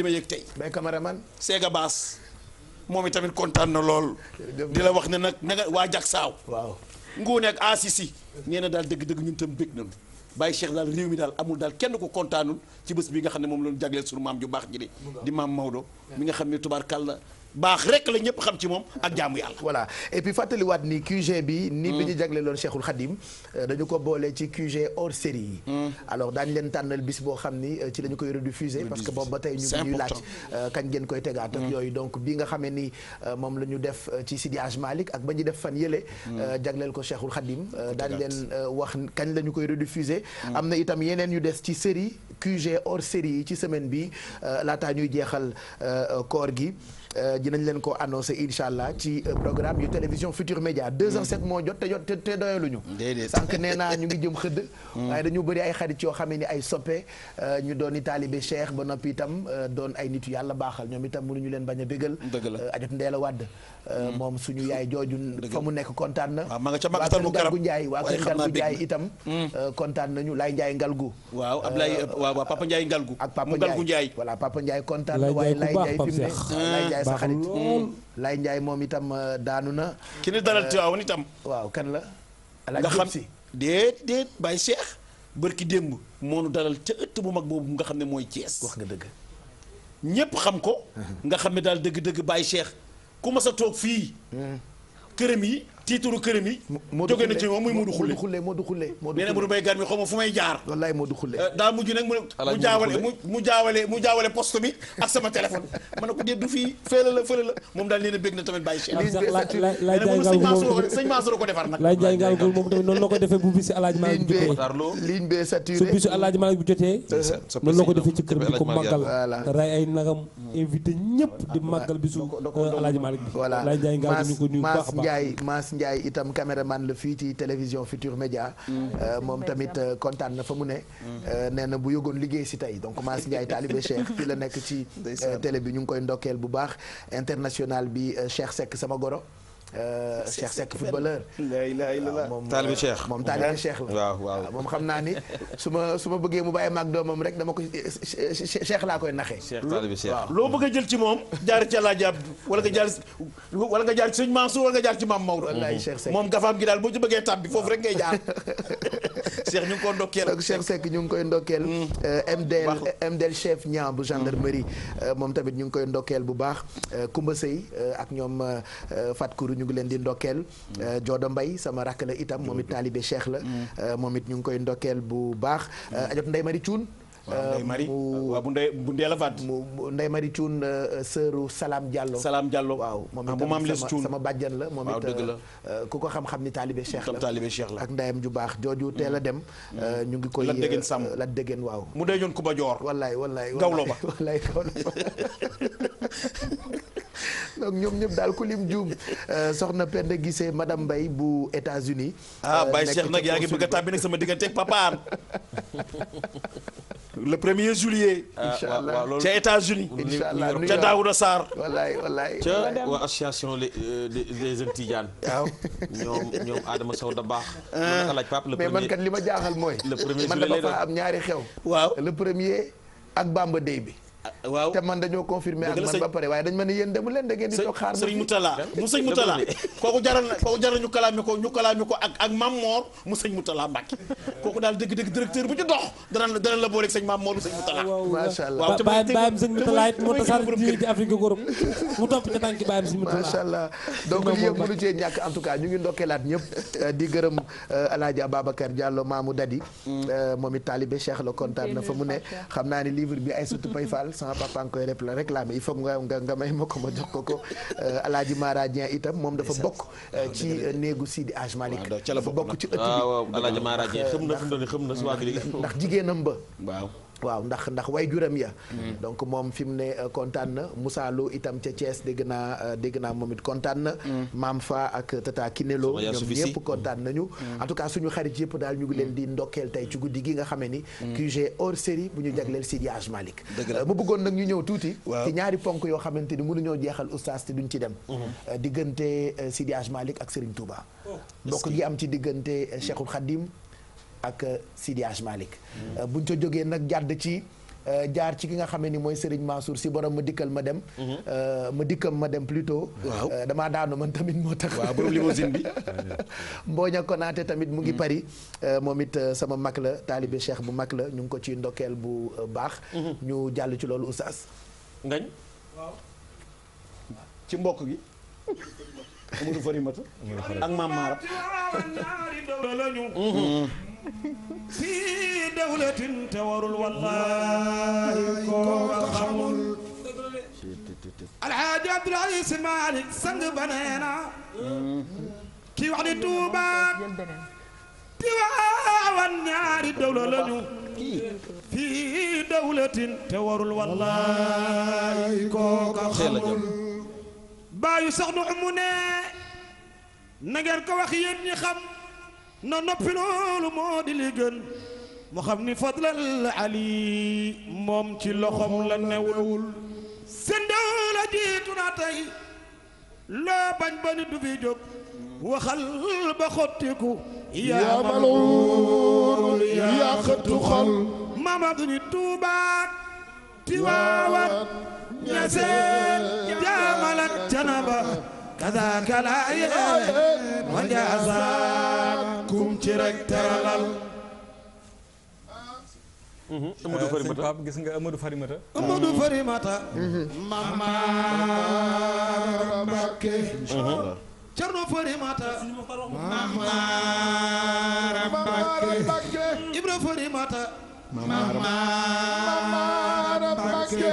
ma yëg tey. Mbaye Camara man Sega Baas. moom kontaan na lool. di la wax ne nag na waa jak saaw waaw Ngoone ak Asisi. si na daal dëgg-dëgg ñun tam bég nañu. Baye Cheikh daal réew mi daal amul daal kenn ko kontaanul ci bés bi nga xam ne moom loolu ñu jagleel sunu maam ju baax ji di maam Maodo mi nga xam ne tubaarkàlla baax rek la ñëpp xam ci moom ak jaamu yàlla. voilà et puis ni QG bi. ni bi ñu mm. jagleeloon Cheikhul Khadim euh, dañu ko boole ci QG hors série yi. Mm. alors daañu leen tànnal bis boo xam ni euh, ci lañu koy rediffuser. parce que boobu ba tey ñu ngi ñuy laaj euh, kañ ngeen koy tegaat ak mm. yooyu donc bi nga xamee ni moom la ñu def ci Sidi Hadj Malick ak ba ñu def fan yële. jagleel ko Cheikhul Khadim daañu leen wax kañ la ñu koy rediffuser. am na itam yeneen yu des ci série QG or série yi ci semaine bi laataa ñuy jeexal koor gi. Euh, dinañ leen ko annoncé incha allah ci euh, programme yu télévision Futur Média 2h07 moo jot te jot te doyaluñu. déedéet sànq naa ñu ngi jëm xëdd. [LAUGHS] Hmm. waaye dañu bëri ay xarit yoo xamee ni ay soppe euh, ñu doon i taalibe Cheikh ba noppi itam doon ay nit yu yàlla baaxal ñoom itam mënuñu leen bañ a bégal. dëgg la ajot ndee la hmm. moom suñu yaay jooju. fa mu nekk kontaan na. waaw ma nga ca Màkkatal mu Karam waa Kër Ngalgu Njaay itam. Hmm. kontaan nañu Laay Njaay ngal waaw waaw Papa Njaay Ngalgu. ak Papa Njaay mu Ngalgu Njaay. voilà Papa kontaan na waaye Laay Njaay fi mu ne Ndiaye sa xarit Laye moom itam euh, daanu na. ki ni dalal euh, Tiwaawan waaw kan la. nga xam si déet déet Baye Cheikh. bërki démb moo dalal ca ëtt bu mag boobu nga xam ne mooy Thiès. wax nga dëgg. ñépp xam ko. Uh-huh. nga xam ne daal dëgg-dëgg Baye Cheikh ku ma sa toog fii. Uh-huh. këram yi tiituru këram yi. jóge na ci moom muy Modou Khoule Modou Khoule Modou Khoule. nee na Modou Mbaye Garmi xaw fu may jaar. Euh, daa mujj nag mu jaawale mu jaawale mu bi ak sama téléphone ma na ko defee bu bisu El Hadj Malick jotee. noonu la ko defee ci kër bi ko màggal. ray ay nagam invité ñëpp di ah, màggal bisu ah, El euh, Hadj Malick bi. voilà Mass Ndiaye Mass itam itam man la fii ci télévision Futur Média mm. euh, moom tamit euh, kontaan na fa mu ne mm. euh, nee na bu yëgoon liggéey si tey donc Mass Ndiaye taalibe Cheikh fii la nekk ci [LAUGHS] télé bi ñu ngi koy ndokkeel bu baax international bi Cheikh Seck sama goro Euh, Cheikh Seck footballeur. la ilaha illallah moom taalibi Cheikh moom taalibi Cheikh la. waaw waaw moom xam naa ni su ma su ma bëggee mu bàyyi maag moom rek dama ko Cheikh laa koy naxee. Cheikh loo bëgg jël ci moom jaar ci Alaaji Abdu wala nga jaar wala nga jaar ci sëñ Mansour wala nga jaar ci maam Maodo. wallaahi Cheikh Seck moom gafaam gi daal boo ci bëggee tàbbi foofu rek ngay jaar. [LAUGHS] Cheikh ñu ngi ko ndokkeel ak Cheikh Seck ñu ngi koy ndokkeel. MDL mm. euh, MDL chef ñaa bu gendarmerie mm. euh, moom tamit ñu ngi koy ndokkeel bu baax Kumba Sey ak ñoom Fatou ñu ngi leen di ndokkeel Joodo euh, Mbay sama rakk la itam moom it taalibe Cheikh la mm. euh, moom it ñu ngi koy ndokkeel bu baax mm. euh, ajot Ndey Mari Cuun waaw Mari waaw bu Ndeye bu Ndeye la mu Ndeye Mari Thioune sëru Salam Diallo. Salam Diallo waaw moom ah, itam sama sama bàjjan la. moom it ku ko xam-xam ni Talibe Cheikh la. Talibe Cheikh la ak ndayam ju baax jooju mm. teel a dem. ñu ngi koy la déggen la déggen waaw. mu dee ñoon Kuba Joor. ba wallaay ba. [LAUGHS] donc ñoom ñëpp daal ku lim juum [LAUGHS] euh, soxna Penda Guissé madame Mbaye bu États-Unis ah euh, Baye Cheikh nag yaa ngi bëgg a tàbbi nag sama digganteeg papaan [LAUGHS] le premier juillet. Ah, incha allah waaw ca États-Unis. incha allah ca Daouda Sarr. wallaay wallaay ca association euh, les les jeunes Tidiane. waaw ñoom ñoom Adama da baax. alaaj ah. pap le mais man kat li ma jaaxal mooy. le man dafa am ñaari xew. waaw premier ak Bamba Day bi. waaw te man dañoo confirmé ak man ba pare waaye dañ ma ne yéen demu leen da ngeen di toog xaar sëriñ Moutala mu sëñ Moutala kooku jaral na kooku jaral ñu kalaame ko ñu kalaame ko ak ak mu sëñ Moutala Mbacke kooku daal dëgg-dëgg directeur bu ci dox dana dana la booleeg sëñ Mame Mor mu sëñ Moutala macha allah waaw bàyyam bàyyam sëñ Moutala it moo tasaar ji ci Afrique Europe mu topp ca tànki bàyyam sëñ Moutala macha allah donc lii yëpp mënu cee ñàkk en tout cas ñu ngi ndokkeelaat ñëpp di gërëm Alaaji Ababacar Diallo Mamou Dadi moom it taalibe Cheikh la kontaan na fa mu ne xam naa ni livre bi ay sutu pay fall Fall sama nga koy réclamer il faut nga nga may ma ko ma jox ko ko euh, Alaaji Mara Dieng itam moom dafa bokk euh, ah, ci néegu Sidi Aj Malik dafa bokk ci ëtt bi ah, Alaaji Mara Dieng xam ndax jigéenam ba waaw ndax ndax way juram ya mm. donc moom fi mu ne euh, kontaan na Moussa Lo itam ca Thiès dégg naa euh, dégg naa moom it kontaan na mm. Maam Fa ak Tata Kinelo ñoom ñëpp kontaan nañu mm. en tout cas suñu xarit yëpp daal ñu ngi leen di ndokkeel tey ci guddi gi nga xamee ni QG hors série bu ñu jagleel Seydi Hadji Malick euh, mu bëggoon nag ñu ñëw tuuti ci ñaari ponk yoo xamante ni ñoo jeexal oustaz te duñ ci dem mm-hmm. diggante Seydi Hadji ak Serigne Touba mbokk oh, gi am ci diggante Cheikhul Khadim ak euh, Sidi Hadj Malick euh, buñ ca jógee nag jàdd ci euh, jaar ci ki nga xamee ni mooy Serigne Mansour si borom ma dikkal ma dem. Mhm. ma dikkam ma dem plutôt. waaw damaa daanu man tamit moo tax. waaw [LAUGHS] tamit mu ngi mhm. Paris. moom it sama mag la taalibe Cheikh bu mag la ñu ngi ko ci ndokkeel bu baax. Mhm. ñu jàll ci loolu Oustaz. ngañ. ci mbokk gi. [LAUGHS] Amadou Farimata. ak maam Mara. [LAUGHS] fii dawlatin te warul wallaahi koo xamul alxaaji Abdul Aziz Maalik sang ba nee na kii wax ni Tuuba Tiwaawan ñaari dawla lañu fii dawlatin te warul wallaahi koo xamul baayu sax nu mu ne na ngeen ko wax yéen ñi xam na noppi loolu moo di ni fadlal ali moom ci loxom la newul sëndaw la jiitu na tey loo bañ ba ni du fi jóg ba xottiku yaa maluul yaa xëttu xol mamak ni tuubaak tiwaawat ñaseen jaamal ak canaba كذاك العين وجازاكم ترك ترلل Amadou Farimata Pape gis nga Amadou Farimata. Amadou Farimata. Mama Rabaké. Farimata. Mama Rabaké. Ibra Farimata. Mama Rabaké.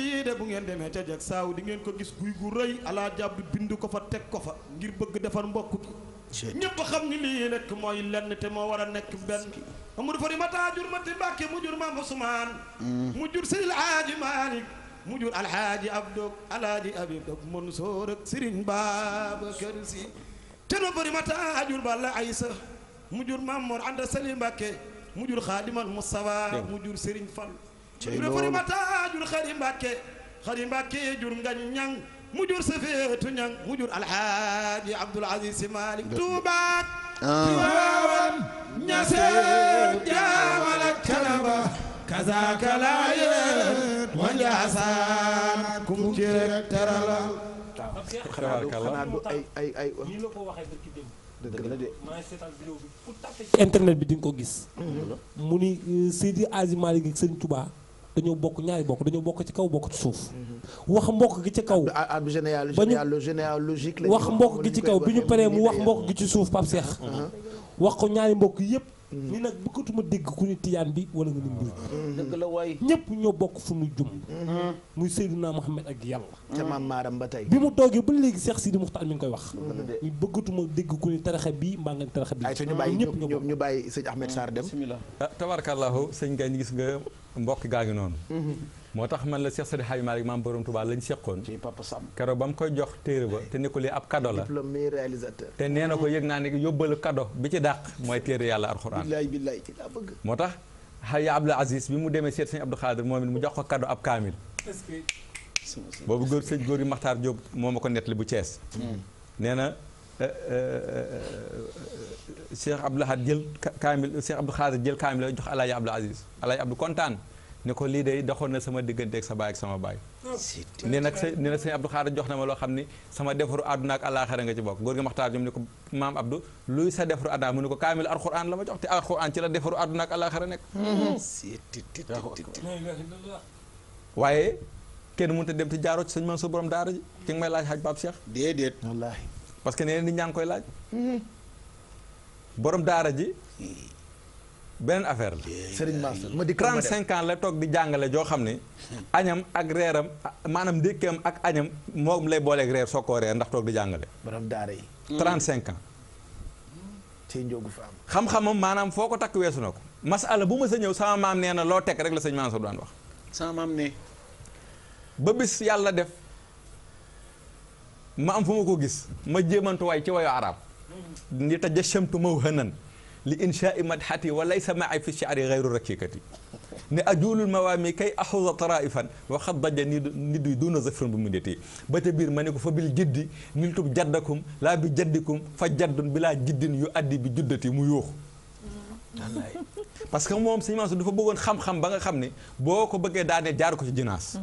lii de bu ngeen demee ca jag saaw di ngeen ko gis guy gu rëy alaa jàbdu bind ko fa teg ko fa ngir bëgg defar mbokk gi ñëpp xam ni lii nekk mooy lenn te moo war a nekk benn amadou fari mata jur mati mbàkke mu jur maam Usmaan mm. mu jur Seydi Alaaji mu jur alhaaji abdog alaaji abib dog Mansoor ak Sëriñ Babacar Si teno fari mata jur Balla Aysa mu jur maam Mor Anta Sali mu jur Xaadimal Mustafa Ibra Fari Mata jur Xari Mbàkke Xari Mbàkke jur ngañ ñang mu jur Safeetu ñang mu jur Alxaaji Abdul Aziz Si Malik Tuubaak bi ku internet bi di ko gis mu ni euh, Seydi Aji Malik ak Sëriñ Tuubaa dañoo bokk ñaari bokk dañoo bokk ci kaw bokk ci suuf. wax mbokk gi ci kaw. ab généalogique wax mbokk gi ci kaw bi ñu paree mu wax mbokk gi ci suuf Pape Cheikh. Uh-huh. wax ko ñaari mbokk yëpp. Mm. ni nag bëggatuma dégg ku ni tijaan bi wala nga ni mbir mm. dëgg la waay ñëpp ñoo bokk fu nu jum mm-hmm. muy Seydina Mohamed ak yàlla ca maam maaram ba tey bi mu toogee ba léegi si Sidi Muxtaar mi ngi koy wax ñu bëggatuma dégg ku ni taraxa bi mbaa nga ni taraxa bi ay ñu bàyyi ñëpp ñu bàyyi sëñ Ahmed Sarr dem mm. ah, tabaarkallaahu sëñ Gaye gis nga mbokk gaa ngi noonu mm-hmm. moo tax man la Cheikh Sadi Habib Malick maam borom Touba lañ seqoon keroog ba mu koy jox téere ba te ne ko lii ab kado la te nee na ko yëg naa ne yóbbalu kado bi ci dàq mooy téere yàlla alxuraan moo tax Haya Abdou Aziz bi mu demee seet sëñ Abdou Khadir moom it mu jox ko kado ab kaamil boobu góor sëñ góor yi Maxtaar Diop moo ma ko nettali bu Thiès hmm. nee na eh, eh, eh, Cheikh Abdou Lahad jël kaamil Cheikh Abdou Khadir jël kaamil la jox Alaaji Abdou Aziz Alaaji Abdou kontaan ne ko lii de doxoon na sama diggante ak sa baay ak sama baay ah, ne nag sa ne nag sëñ Abdou Khadre jox na ma loo xam ni sama defaru àdduna ak àllaaxira nga ci bokk góor gi maxtaar ñoom ne ko maam Abdou luy sa defaru àdduna mu ne ko kaamil alxuraan la ma jox te alxuraan nekk ah, waaye kenn mënut a dem ci jaaroo ci sëñ Mansour borom daara ji ki nga may laaj xaj Pape Cheikh déedéet wallaahi parce que nee nit ñaa koy laaj mm-hmm. borom daara ji mm-hmm. beneen affaire la. Serigne Mansour ma di 35 la toog di jàngale joo xam ne. añam ak reeram maanaam ndékkeem ak añam moom lay booleeg reer soo ko reer ndax toog di jàngale. borom daara yi. 35 ans. ci njóogu fa am. xam-xamam maanaam foo ko takk weesu na ko. masala bu ma sa ñëw sama maam nee na loo teg rek la sëñ Mansour daan wax. sama maam ne. ba bis yàlla def ma am fu ma ko gis ma jéemantu waay ci wayu arab. ni ta jëshamtu maw hënan li inchaai madhati wa laysa maai fi shaari gayru rakikati ne ajuulul mawaami kay axuza taraifan waxat daja ni nit yi duuna zafrin bu mu deti ba ca biir ma ne ko fa bil jiddi nil tub jaddakum laa bi jaddikum fa jaddun bilaa jiddin yu addi bi juddati mu yuux parce que moom Sëñ Mansour dafa bëggoon xam-xam ba nga xam ne boo ko bëggee daanee jaar ko ci jinaas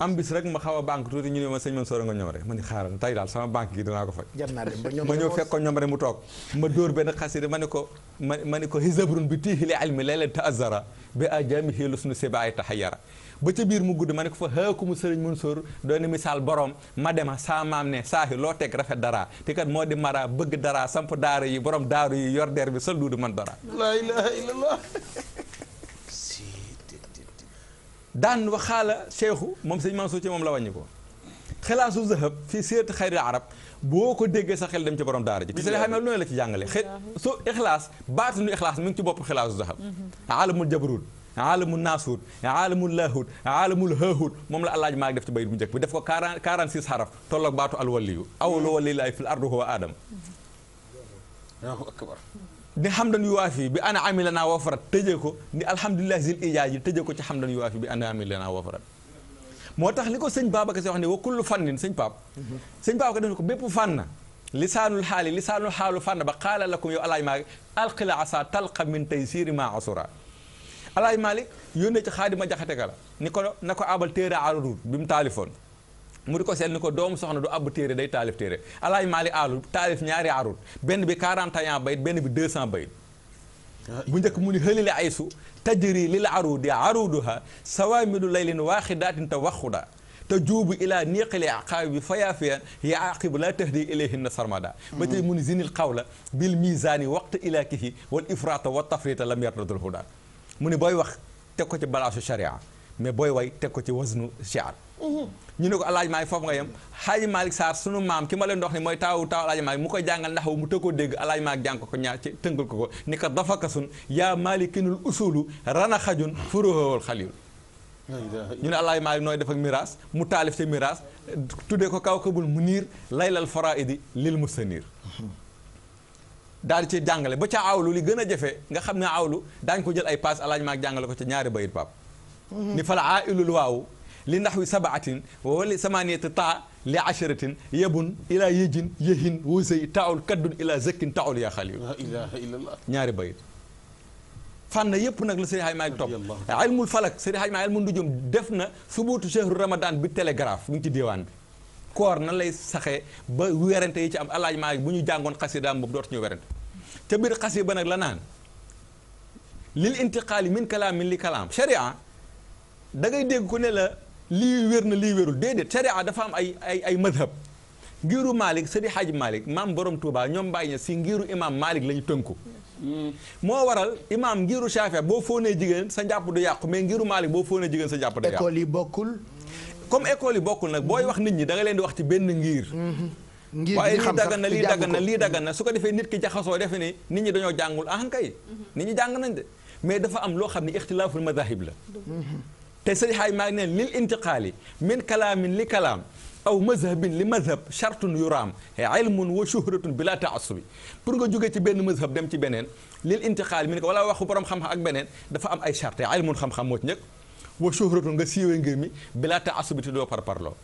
am bis rek ma xaw a banque tuuti ñu ne ma sëñ Mansoor nga ñoom rek ma ni xaaral tey daal sama banque gi dinaa ko faj ma ñëw fekk ko ñoom rek mu toog ma dóor benn xasida ma ne ko ma ma ne ko hisabrun bi tiihili almi laylan taazara bi ajami xiilus nu sibaay taxayara ba ca biir mu gudd ma ne ko fa xaakumu sëriñ Mansoor doon na misaal borom ma dema saa maam ne saahi loo teg rafet dara te kat moo di mara bëgg dara samp daara yi borom daaru yi yor der bi sa luudu man dara laa ilaha [LAUGHS] daan wax xaala cheikhu moom sëñ Mansour ci moom la wàññi ko xilaasu zahab fii seet xayril arab boo ko déggee sa xel dem ci borom daara ji te sëñ xamee lu ne la ci jàngale xë su ixlaas baatinu ixlaas mi ngi ci bopp xilaasu zahab mm-hmm. alamul jabarut alamul naasuut alamul laahut alamul haahut moom la allaaj maag def ci bayit bu njëkk bi def ko 40 46 xaraf tolloog baatu alwaliyu mm-hmm. awlu walilaay fil ardu huwa aadam ni xam hamdan yuwaafi bi ana amila naa wafarat tëjee ko ni alhamdulilah zil ijaaji tëjee ko ci xam hamdan yuwaafi bi ana amila naa wafarat moo tax li ko sëñ Babacar Sy wax ne wa kullu fannin sëñ Paap sëñ Babacar def ne ko bépp fànn lisaanul xaali lisaanul xaalu fànn ba xaala lakum yow alaaj maalik alqila asa talqa min taysiri ma asura alaaj maalik yónnee ci xaadima jaxate ka la ni ko na ko abal téere arurut bi mu taalifoon mu di ko seet ni ko doomu soxna du àbb téere day taalif téere alaaj maali aalu taalif ñaari aarut benn bi 41 bayit benn bi 200 bayit bu njëkk mu ni xëlile aysu tajri lil arudi aruduha sawaamidu laylin waaxidaatin tawaxuda te juubu ilaa niqali aqaabi bi fayaafiyan ya aqibu laa tahdi ilayhinna sarmada ba tey mu ni zinil qawla bil misaani waqta ilaakihi wal ifraata wa tafrita lam yardadul huda mu ni booy wax teg ko ci balaasu sharia mais booy way teg ko ci wasnu shiar ñu ne ko alaaj maalik foofu nga yam xaaji maalik saar sunu maam ki ma leen ndox ni mooy taawu taaw alaaj maalik mu koy jàngal ndax mu tëg koo dégg alaaj maalik jàng ko ñaar ci ko ko ni ko dafakasun yaa maalikinul usulu rana xajun furuhawal xalil ñu ne alaaj maalik nooy def ak miraas mu taalif ci miraas tuddee ko kaw kabul mu niir laylal faraidi lil mustanir daal di ci jàngale ba ca awlu li gën a jafe nga xam ne awlu daañ ko jël ay paas alaaj maalik jàngale ko ci ñaari bayit pap ni fala ailul waawu li ndax wi sabaatin wala samaaniyati taa li asharatin yebun ilaa yejin yehin wusey taawul kaddun ilaa zakkin taawul yaa xaliyu ñaari bayit fànn yëpp nag la sëriñ Xayma ak topp ilmul falak sëriñ Xayma ilmul nujum def na subuutu chehru ramadan bi télégraphe mu ngi ci diwaan bi koor nan lay saxe ba werante yi ci am alaaj maa bu ñu jàngoon xasidaam boobu dootu ñu werante ca biir xasi ba nag la naan lil intiqaali min kalaam min li kalaam lii wér na lii wérul déedéet sharia dafa am ay ay ay madhab ngiru Malick Seydi Hadji Malick maam borom Touba ñoom bàyyi na si ngiru imam Malick la ñu tënku. moo waral imam ngiru Chafi'i boo foonee jigéen sa njàpp du yàqu mais ngiru Malick boo foonee jigéen sa njàpp du yàqu. école yi bokkul. comme école yi bokkul nag booy wax nit ñi danga leen di wax ci benn ngir. Mm-hmm. ngir waaye xam daggan na lii daggan na lii daggan na su ko defee nit ki jaxasoo defe ni nit ñi dañoo jàngul ahan kay. Mm-hmm. nit ñi jàng nañ de mais dafa am loo xam ne ixtilaaful madahib la. Mm-hmm. te sëñ maa ngi neen lil intiqaali min kalaamin li kalaam aw mazhabin li mazhab chartun yuraam ilmun wa shuhratun bila taassubi pour nga jógee ci benn mazhab dem ci beneen lil intiqaal min ko wala waxu borom xam-xam ak beneen dafa am ay charte ilmun xam-xam moo ci njëkk wa shuhratun nga siiwee ngir mi bilaa bila taassubi te doo parparloo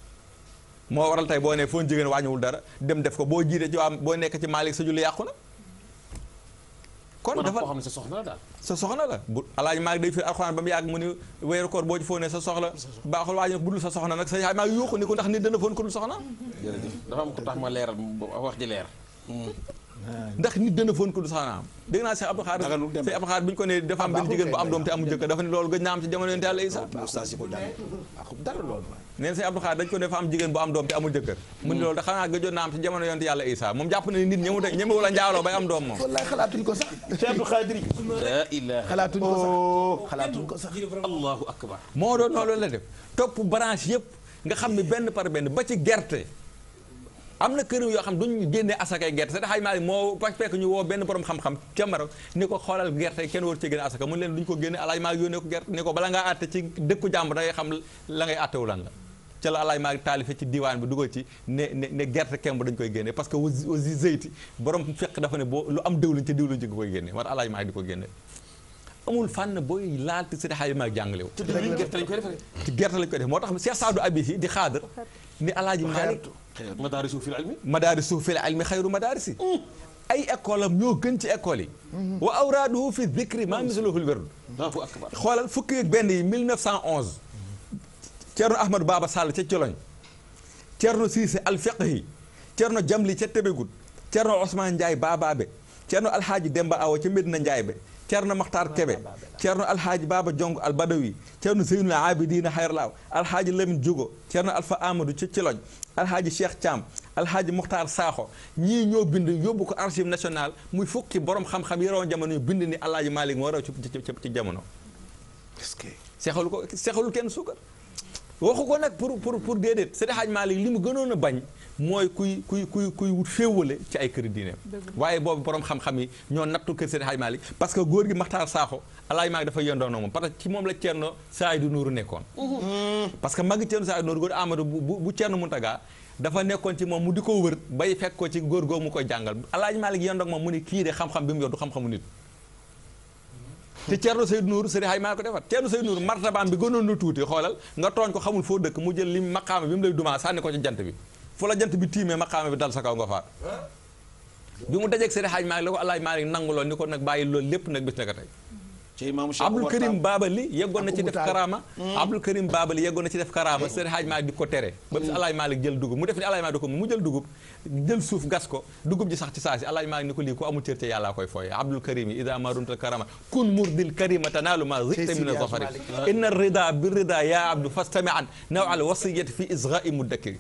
moo waral tey boo ne foo jigéen wàññiwul dara dem def ko boo jiite ci waa boo nekk ci Malick sa julli yàqu na kon dafa xam ne sa soxna la sa soxna bu alaaji maa ngi day firi alxuraan ba mu yàgg mu ni weeru koor boo ci fóonee sa soxla baaxul waaye nag budul sa soxna nag sa yaay maa ngi yuuxu ni ko ndax nit dana fóon ko dul soxna am ko tax ma leeral wax ji leer hmm. ndax nit dana fóon ko du soxnaam dégg naa Cheikh Abdou Khadre Cheikh Abdou Khadre bi ñu ko ne dafa am ah, benn jigéen bu am doom te amul jëkkër dafa ne loolu gëj na am ci jamono yonent Yàlla Isa neen sëñ Abdou Khadre dañ ko def am jigéen bu am doom te amul jëkkër mu ni loolu naa am ci jamono yonte yàlla Isa moom jàpp na ni nit ñëmu ko sax sëñ Abdou Khadre la ilaha sax xalaatuñ ko sax oh. moo doon noonu la def topp branche yëpp nga xam ne benn par benn ba ci gerte am na kër yoo xam duñ génnee asakay gerte c'est-à-dire xaymaa moo fekk ñu woo benn borom xam-xam ca Maroc ni ko xoolal gerte kenn waru ci génne asaka mu leen duñ ko génne alaaj maa yónnee ko gerte ni ko bala ngaa àtte ci dëkku jàmbur dangay xam la ngay àttewu lan la ca la alaaj maa ngi taalife ci diwaan bi dugal ci ne ne gerte kemb dañ koy génne parce que aussi zeyti borom fekk dafa ne boo lu am diwlin ci diwlin ci koy génne jàngale wu ci gerte lañ gerte lañ koy def moo tax Cheikh Saadu Abi si di xaadar ni alaaji Maalik madaarisu fil ilmi madaarisu fil ilmi xayru madaarisi ay école am ñoo gën ci école yi wa awraaduhu fi dikri maa misluhu l werd xoolal fukki benn yi Thierno Ahmad baaba Sall ca Coloñ Thierno Cissé al fiqhi Thierno Jamli ca Tébégout Thierno Ousmane Ndiaye Bababe Thierno Alhaji Demba Awa ca Medina Ndiaye be Thierno Makhtar Kebe Thierno Alhaji Baba Jong al Badawi Thierno Zeynul Abidina Xayrlaaw Alhaji Lamine Diogo Thierno Alpha Amadou ca Coloñ alhaaji Cheikh Thiam alhaaji Muxtaar Saaxo ñii ñoo bind yóbbu ko archive nationale muy fukki borom xam-xam yi rawoon jamono yu bind ni alhaaji Malick moo raw ci ci jamono. est-ce que seexalu ko seexalul kenn suukar. waxu ko nag pour pour pour déedéet Seydi Hadj Malick li mu gënoon a bañ mooy kuy kuy kuy kuy wut féewale ci ay këri diineem waaye boobu borom xam-xam yi ñoo nattu kër Seydi Hadj Malick parce que góor gi Maxtaar Saaxo alaaj Malick dafa yëndoonoo moom parce que ci moom la Thierno Saïdou Nourou nekkoon hmm. parce que magi Thierno Saïdou Nourou góor Amadou bu bu Thierno Mountaga dafa nekkoon ci moom mu di ko wër bay fekk ko ci góor googu mu koy jàngal alaaj Malick yëndoon moom mu ni kii de xam-xam bi mu yor xam-xamu nit te Thierno Seydou Nour Serigne Hay maa ko defar Thierno Seydou Nour martabaam bi gënoon na tuuti xoolal nga tooñ ko xamul foo dëkk mu jël li maqaama bi mu lay dumaa sànni ko ci jant bi fu la jant bi tiimee maqaama bi dal sa kaw nga faat bi mu dajeeg Serigne Hay maa la ko alaaj maa nanguloon ni ko nag bàyyi lool lépp nag bis na ko tey Hmm. Abdul Karim Baabali yeggoon na ci def karaama Abdul Karim Baabali yeggoon na ci def karaama seen xaaj Maalik di ko tere ba bis hmm. Alaaji Maalik jël dugub mu def ni Alaaji Maalik ko mu jël dugub jël suuf gas ko dugub ji sax ci saa si Alaaji Maalik ni ko lii ko amul cër te yàllaa koy fooye Abdul Karim yi ida maruntal karama kun murdil karima tanaalu ma zitta min azafari inna rida bi rida ya abdu fastami an naw al wasiyati fi israi muddakiri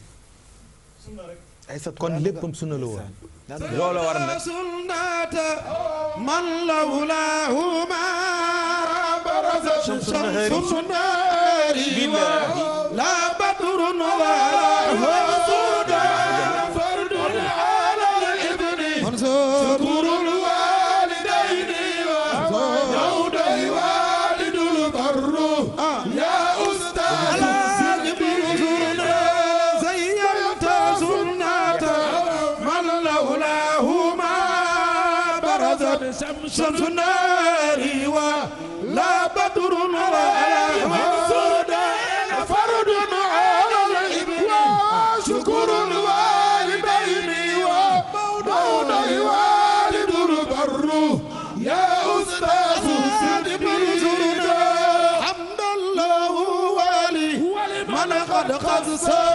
kon léppam sunna la woon loolu war na sunnata man lawlaahu ma barasa shamsun naari wa la badrun wa sa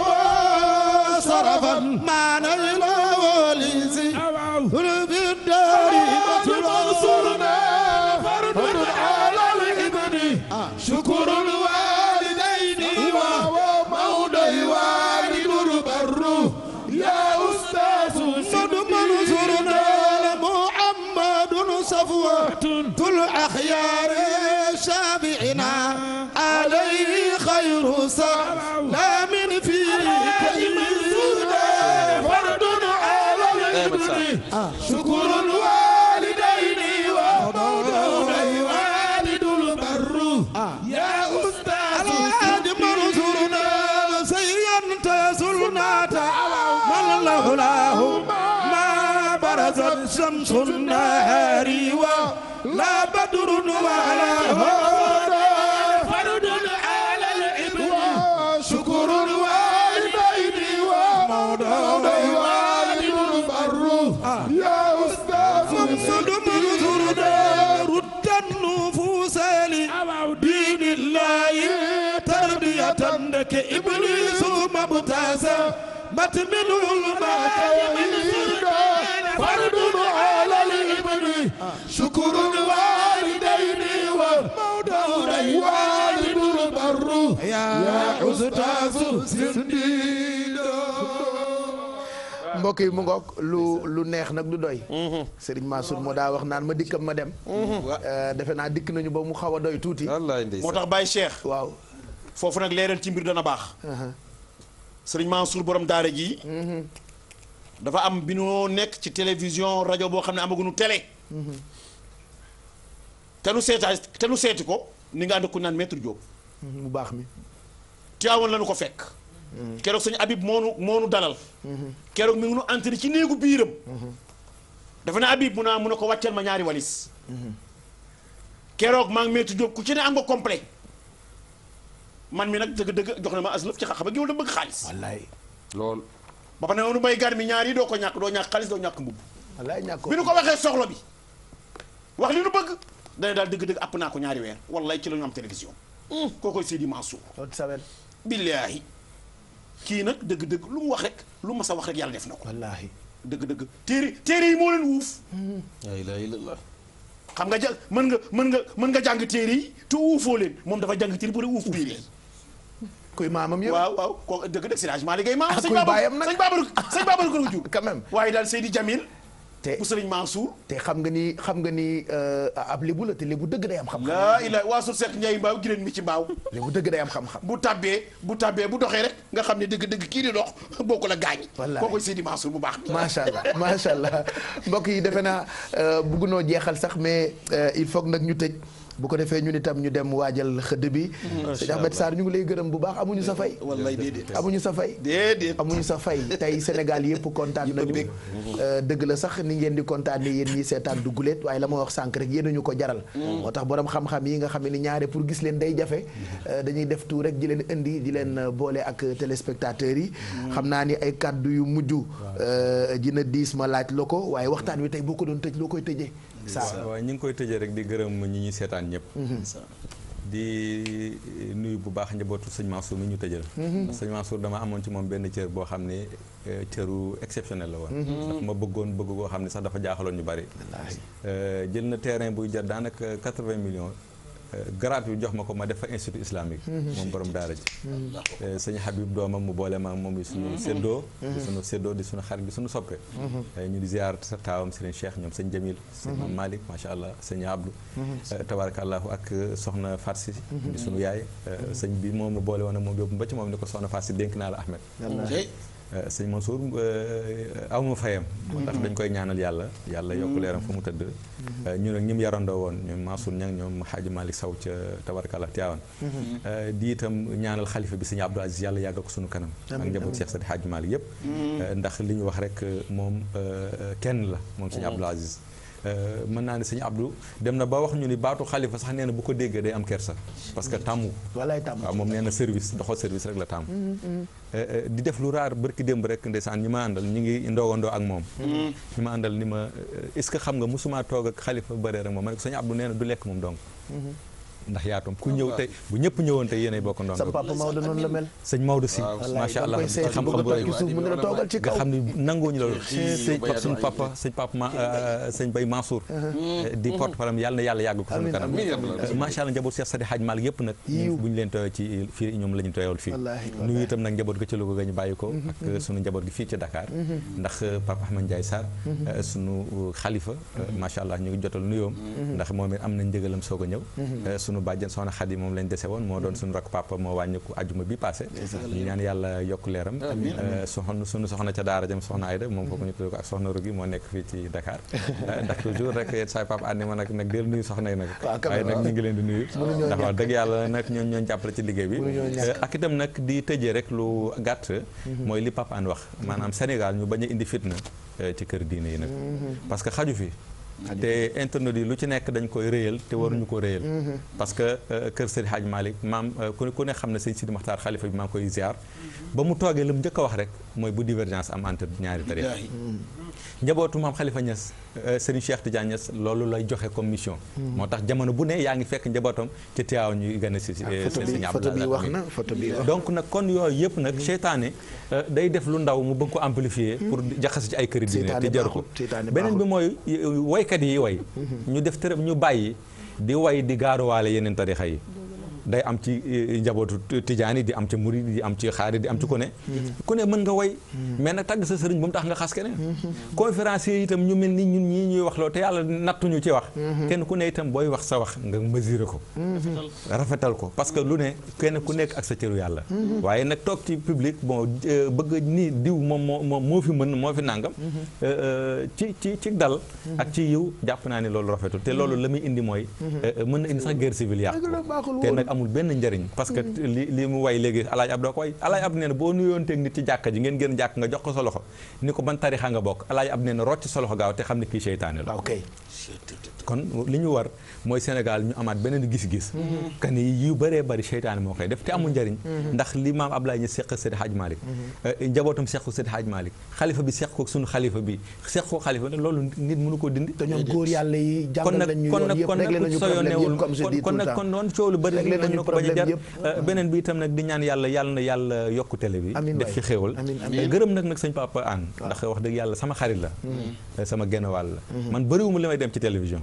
شمس النهار ولا بدر ولا هدى فرد على الابن شكر والبين ومولى والد بر يا استاذ شمس منذر دار النفوس دين الله تربية لك ابليس مبتسم متمن المكايم ustaasu sindiida mbokk yi mu ngoog lu lu neex nag lu doy mhm. Serigne Mansour moo daa wax naan ma dikkam ma dem mhm. euh, defe naa dikk nañu ba mu xaw a doy tuuti moo tax Baye seex waaw foofu nag leeral ci mbir dana baax uh-huh. Serigne Mansour borom daara ji mhm. dafa am bi noo nekk ci télévision rajo boo xam ne amaguñu télé te nu seetaay te nu seeti ko ni nga ànd ku naan maître Diop baax mi Tiwaawoon lañu ko fekk keroog sëñ Habib moo moonu dalal keroog mi ngi nu entri ci néegu biiram dafa ne Habib mu naa mun a ko wàccal ma ñaari walis keroog maa ngi metti Jóob ku ci ne am nga complet man mi nag dëgg-dëgg jox na ma aslëf ci xam nga da bëgg xaalis wallaay lool ba pare noonu bay gar mi ñaar yi doo ko ñàkk doo ñàkk xaalis doo ñàkk mbubb wallaay ñàkk bi nu ko waxee soxla bi wax li nu bëgg dana daal dëgg-dëgg àpp naa ko ñaari weer wallaay ci la ñu am télévision hmm. billaahi kii nag dëgg-dëgg lu mu wax rek lu mas a wax rek yàlla def na ko. wallaahi dëgg-dëgg téere téere yi moo leen wuuf. la ilaha xam nga jàng mën nga mën nga mën nga jàng téere yi te uufoo leen moom dafa jàng téere bu dee uuf biir yi. koy maamam yow waaw waaw kooku dëgg dëgg si rajo maa liggéey maam. ak ah, kuy baayam nag sëñ Babacar sëñ jur. waaye daal Seydi Jamil te bu Serigne Mansour te xam nga ni xam nga ni euh, ab lébu la te lébu dëgg day am xam-xam laa ilaa waa su seet ñay mbaaw giréen mi ci mbaaw lébu dëgg day am xam-xam bu tàbbee bu tàbbee bu doxee rek nga xam ne dëgg-dëgg kii di dox boo ko la gaañ wallaahi kooku Seydi Mansour bu baax macha allah macha allah mbokk yi defe naa euh, bugg noo jeexal sax mais euh, il faut nag ñu tëj bu ko defee ñun itam ñu dem waajal xëdd bi sëñ Ahmed Sarr ñu ngi lay gërëm bu baax amuñu sa fay amuñu sa fay amuñu sa fay tey Sénégal yëpp kontaan nañu euh, dëgg la sax ni ngeen di kontaan ni yéen ñii seetaan du guléet waaye la ma wax sànq rek yéen ñu ko jaral mm. moo tax borom xam-xam yi nga xam ne ñaare pour gis leen day jafe mm. euh, dañuy def tout rek di leen indi di leen boole ak téléspectateurs yi mm. xam naa ni ay kàddu yu mujj euh, dina diis ma laaj la ko waaye waxtaan wi tey boo ko tëj loo koy tëjee Sarr waaw ñu ngi koy tëjee rek di gërëm ñi ñuy seetaan ñëpp. Mhm. di eh, nuyu bu baax njabootu sëñ Mansour mi ñu tëjal. Mhm. ndax sëñ Mansour dama amoon ci moom benn cër boo xam ne eh, cëru exceptionnel la woon. Mhm. ndax ma bëggoon bëgg boo xam ne sax dafa jaaxaloon ñu bari. Eh, jël na terrain buy jar daanaka quatre-vingts million garaat bi jox ma ko ma def fa institut islamique mhm. moom borom daara ji mhm. euh, sëñ Habib doomam mu boole ma moom di suñu mhm. séddoo di suñu séddoo di suñu xarit di suñu soppe euh, ñu di ziar sa taawam sëriñ Cheikh ñoom sëñ Jamil sëñ Maam Malick macha allah sëñ Abdou euh, tabarakallahu ak soxna Farsi di suñu yaay sëñ bi moom mu boole woon moom yóbbu ba ci moom ni ko soxna Farsi dénk naa la Ahmed Euh, sëñ Mansour euh, euh, aw ma fayam. moo tax dañ koy ñaanal yàlla. yàlla yokk leeram fu mu tëdd. ñun ak ñi mu yarandoo woon ñoom Mansour Niang ñoom Hadji Malick Sow ca tabarkalla Tiwaawan. di diitam ñaanal xalifa bi sëñ Abdou Aziz yàlla yàgg ko sunu kanam. ak njaboot Cheikh Sadi Hadji Malick yëpp. ndax li ñu wax rek moom kenn la moom sëñ Abdou Aziz. Euh, mën naa ne sëñ Abdou dem na ba wax ñu ni baatu xalifa sax nee na bu ko déggee day am kersa parce que tàmmu waaw moom nee na service doxal service rek la tàmm mm-hmm, mm-hmm. euh, euh, di def lu raar bërki démb rek ndeysaan ñi ma àndal ñi ngi ndoogandoo ak moom mm-hmm. ñi ma àndal ni ma est-ce que xam nga mosumaa toog ak xalifa bëree rek moom ma ne ko sëñ Abdou nee na du lekk moom donc ndax yaatum ku ah, ñëw tey bu ñëpp ñëwoon tey yéenay bokk ndoon sa papa Maodo noonu la mel sëñ Maodo si macha allah ci xam-xam bu rëy nga xam ne nangoo ñu loolu sëñ papa suñ papa sëñ papa ma euh, sëñ Bay Mansour uh-huh. Uh-huh. di porte param yàlla na yàlla yàgg ko suñu kanam macha allah njaboot Cheikh Sadi Hadj Malick yëpp nag bu ñu leen tooyee ci fii ñoom la ñu tooyal fii nuyu itam nag njaboot ga ci Louga ga ñu bàyyi ko uh-huh, ak suñu njaboot gi fii ci Dakar ndax uh, papa Ahmed Ndiaye Sarr uh, suñu xalifa uh, macha allah ñu ngi jotal nuyoom ndax moom it am na njëgalam soog a ñëw sunu bàjjen soxna Xadi moom lañ dese woon moo doon sunu rak papa moo wàññiku ajuma bi passé ñu ñaan yàlla yokk leeram euh, soxna sunu soxna ca daara jëm soxna Ayda moom foofu ñu tudd ko ak soxna Rogi moo nekk fii ci Dakar [LAUGHS] ndax toujours rek yéen say papa àndi ma nag nag del nuyu soxna yi nag waaye nag ñu ngi leen di nuyu ndax wax dëgg yàlla nag ñoom ñoo jàppale ci liggéey bi euh, ak itam nag di tëjee rek lu gàtt mm-hmm. mooy li papa an wax maanaam Sénégal a te internet yi lu ci nekk dañ koy réyal te waruñu ko réyal parce que euh, kër Sëriñ Hadj Malick maam euh, ku ne xam ne sëñ Sidi Maxtaar xalifa bi maa koy ziar ba mu toogee lu mu njëkk a wax rek mooy bu divergence am entre ñaari tarixa njabootu maam Khalifa Niass euh, Serigne Cheikh Tidiane Niass loolu lay joxe comme mission. Mm-hmm. moo tax jamono bu ne yaa ngi fekk njabootam ca Tiwaawan ñuy gën a si ah, eh, Serigne Abdoulaye wax na photo bi wax donc nag kon yooyu yëpp nag mm-hmm. seytaane euh, day def lu ndaw mu bëgg ko amplifier mm-hmm. pour jaxas ci ay këri diine te jaru ko beneen bi mooy waykat yi way ñu def tërëb ñu bàyyi di way di gaaruwaale yeneen tarixa yi day am ci eh, njabootu tijaani di am ci murid di am ci xaari di am ci ku ne mm-hmm. ku ne mën nga way mm-hmm. mais nag tàgg sa sëriñ bu mu tax nga xas keneen mm-hmm. conférencier tam ñu mel ni ñu ñii ñuy wax loo te yàlla nattuñu ci wax kenn ku ne itam booy wax sa wax nga mesurer ko rafetal ko parce que lu ne kenn ku nekk ak sa cëru yàlla waaye nag toog ci public bon euh, bëgg nii diw moom moo moo fi mën moo fi nàngam euh, euh, ci ci ci dal ak ci yiw jàpp naa ne loolu rafetul te loolu la muy indi mooy mën amul benn njëriñ parce que mm-hmm. li li mu way léegi alaaj ab doo ko way alaaj ab nee na boo nuyoonteeg nit ci jàkka ji ngeen gën jàkk nga jox ko sa loxo ni ko ban tarixa nga bokk alaaj ab nee na rocc sa loxo gaaw te xam ne kii seytaane la ah, kon li ñu war mooy Sénégal ñu amaat beneen gis-gis kan mm-hmm. yu bëree bëri seytaane moo koy def te amul njëriñ mm-hmm. ndax li maam Ablaye ñu seq Seydi Hadj Malick mm-hmm. euh, njabootam seq ko Seydi Hadj Malick xalifa bi seq ko suñu xalifa bi seq ko xalifa bi loolu nit ko dindi te ñoom góor yàlla yi jàngal nañ ñu yoon yëpp réglé nañu problème kon na ko bañ a jar euh, beneen bi itam nag di ñaan yàlla yàlla na yàlla yokku télé bi def fi xéewal euh, gërëm nag nag sëñ Papa Anne ndax wax dëgg yàlla sama xarit la sama genn wàll la man bëriwuma li may dem ci télévision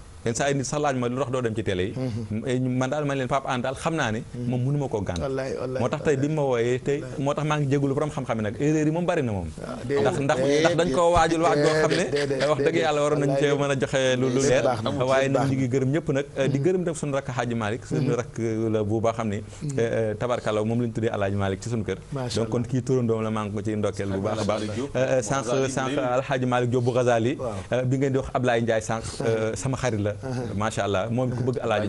yenn saa yi nit sax laaj ma lu tax doo dem ci télé yi mhm. eh, man daal man leen Pape Hann daal xam naa ne mhm. moom mënuma koo gànt moo tax tey bi mu ma wooyee tey moo tax maa ngi jégalu borom xam-xam yi nag erreur yi moom bari na moom ah, ndax ndax dañ koo waajul waaj koo xam ne wax dëgg yàlla waroon nañ cee mën a joxe lu lu leer waaye nag ñu ngi gërëm ñëpp nag eh, di mhm. gërëm tam suñu rakk Hadji Malick suñu rakk eh, la bu baax xam ne tabarkalaw moom la ñu tuddee Alhaji Malick ci suñu kër donc kon kii turandoom la maa ngi ko ci ndokkeel bu baax a baax sànq sànq Alhaji Malick Diop bu Ghazali bi ngeen di wax Ablaye Ndiaye sànq sama xarit la la macha allah moom ku bëgg allah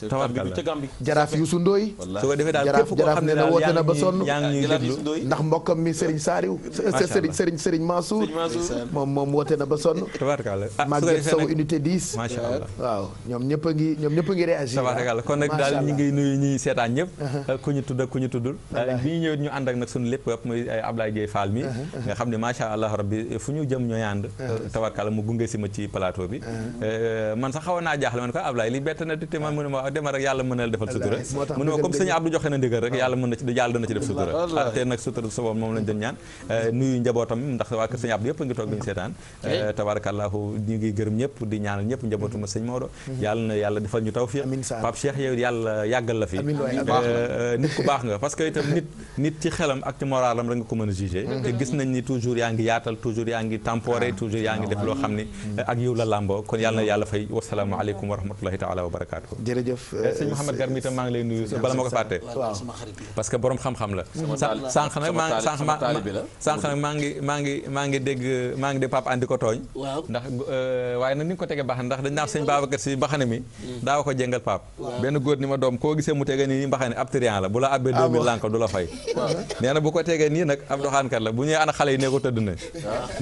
mm-hmm. jaraaf Youssou Ndoye su ko defee daal képp koo xam ne daal yaa ngi ñuy déglu ndax mbokkam mi Serigne Saaliw sëriñ sëriñ sëriñ Mansour moom moom woote na ba sonn tabaarkalla ah, Maguette Sow unité 10 macha allah waaw ñoom ñëpp a ngi ñoom ñëpp a ngi réagir tabaarkalla kon nag daal ñi ngi nuyu uh-huh. ku ñu tudd ku ñu tuddul ah, bi ñu ñëw ñu ànd ak nag suñu lépp ëpp muy Ablaye Gueye Fall mi uh-huh. nga xam ne macha allah rabbi fu ñu jëm ñooy ànd uh-huh. tabaarkalla mu gunge si ma ci plateau bi eh, man sax xawoon naa jaaxle man ko Ablaye li bett na te man mu ne ma ah, demal rek yàlla mën a defal sutura mu ne sa bopp moom lañ Euh, nuyu njabootam ndax waa kër sëñ Abdou yëpp ngi toog duñu mm. seetaan euh, tabarakallahu ñu ngi gërëm ñëpp di ñaanal ñëpp njabootu ma sëñ mm-hmm. yàlla na yàlla defal ñu tawfiq Pape Cheikh yow yàlla yàggal la fi euh, nit ku baax nga parce que itam nit ci xelam ak ci moralam la nga ko mën a mm-hmm. te gis nañ ni toujours yaa ngi yaatal toujours yaa ngi temporé ah, toujours yaa ngi def loo xam ne ak yow la làmboo kon yàlla na yàlla fay mm-hmm. wasalaamu aleykum wa rahmatullahi taala ko fàtte parce que borom xam-xam la sànq nag sànq la sànq nag maa ngi maa ngi maa ngi dégg maa ngi dégg Pape Andi ko tooñ waaw ndax euh, waaye nag ni nga ko tege baax ndax dañ naan sëñ Babacar si mbaxane mi mm. daawa ko jéngal Pape koo gisee mu tege nii mbaxane ab trian la bu la abbee ah na bu ko tegee nii nag ab doxaankat la bu ñëwee ana xale yi nee ko tëdd na ah.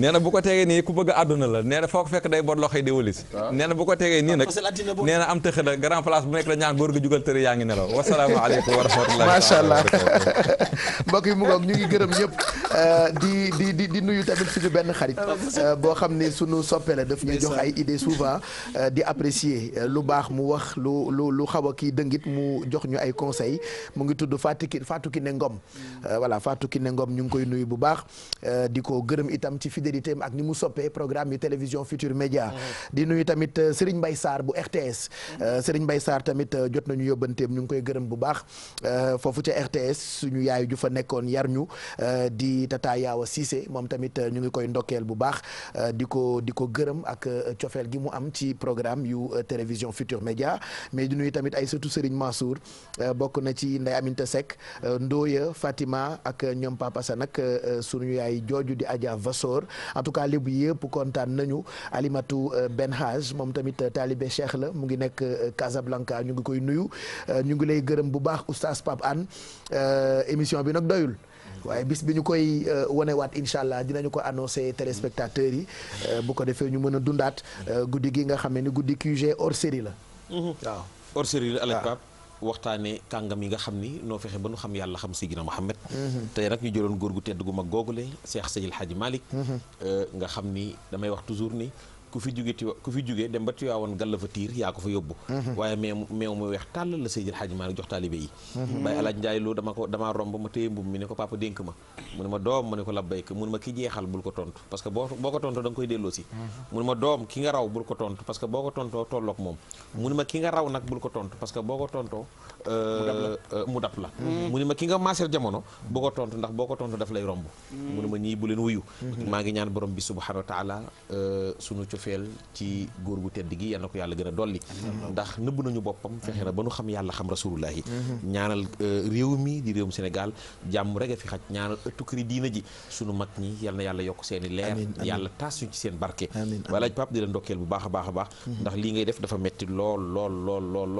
nee na bu ko tegee nii ku bëgg àdduna la nee na foo ko fekk day bot loxo yi di walis ah. nee bu ko tegee nii nag nee am tëx grand place bu nekk la ñaan góor gi jugal tëri yaa ngi nelaw wasalaamaaleykum wa rahmatullahi macha [LAUGHS] mu ngi gërëm ñëpp Euh, di di di di nuyu tamit suñu benn xarit ah, euh, boo xam ne suñu soppe la daf ñuy jox ay idées souvent euh, di apprécier lu baax mu wax lu lu lu xaw a kii dëngit mu jox ñu ay conseils mu ngi tudd Fatou Ki Fatou Kiné Ngom hmm. voilà Fatou Kiné Ngom ñu ngi koy nuyu bu baax di ko gërëm itam ci fidélité am ak ni mu soppee programme yu télévision Futur Média ah di nuyu tamit Serigne mbay saar bu RTS hmm. Serigne Mbaye Sarr tamit jot nañu yóbbanteem ñu ngi koy gërëm bu baax foofu ca RTS suñu yaay ju fa nekkoon yar ñu di Tata Yaawa moom tamit euh, ñu ngi koy ndokkeel bu baax euh, di ko di ko gërëm ak euh, cofeel gi mu am ci programme yu télévision Futur Média mais di nuyu tamit ay surtout Serigne Mansour bokk na ci Ndeye Aminta Seck Ndoya Fatima ak ñoom Papa Sa nag suñu yaay jooju di Adja Vassor en tout cas lébu yëpp kontaan nañu Alimatu Benhaj moom tamit taalibe Cheikh la mu ngi nekk Casablanca ñu ngi koy nuyu ñu ngi lay gërëm bu baax oustaz Pape Anne émission bi nag doyul waaye bis bi ñu koy euh, wanewaat incha allah dinañu ko annoncé téléspectateurs yi euh, bu ko defee ñu mën a dundaat euh, guddi gi nga xam ne ni guddi QG hors série la mhm. waaw hors série la Alaaji waxtaane kàngam yi nga xam ni noo fexe ba nu xam yàlla xam si Seydina Mouhamed mhm. tey nag ñu jëloon góor gu tedd gu mag googule Cheikh Seydil Hadji Malick mhm. nga xam ni damay wax toujours ni ku fi jóge ku fi jóge dem ba Tiwaawan gal la fa tiir yaa ko fa yóbbu mhm. waaye meew mu weex tàll la Seydil Hadji Malick jox taalibe yi mhm. Baye Alaaj Njaay loo dama ko damaa romb ma téye mbubb mi ne ko papa dénk ma mu ma doom ma ne ko labbayk mu ma ki jeexal bul ko tontu parce boo ko tontoo da nga koy delloo si mhm. mu ne ma doom ki nga raw bul ko tontu parce boo ko tontoo tolloog moom mu ma ki nga raw nag bul ko tontu parce boo ko tontoo mu dab la euh, euh, mu mm. ni ma ki nga maaseel jamono boo ko tontu ndax boo ko tontu daf lay romb mm. mu ni ma ñii bu leen wuyu mm-hmm. maa ngi ñaan borom bi subhanahu wa taala euh, sunu cofeel ci góor gu tedd gi yal na ko yàlla gën a dolli ndax nëbb nañu boppam fexe na ba nu xam yàlla xam rasulullah yi mm-hmm. ñaanal réew mi di réewum Sénégal jàmm rek a fi xaj ñaanal ëttu këri diina ji sunu mag ñi yal na yàlla yokk seeni leer yàlla taas ñu ci seen barke walaaj pap di leen ndokkeel bu baax a baax a baax mm-hmm. ndax lii ngay def dafa metti lool lool lool lool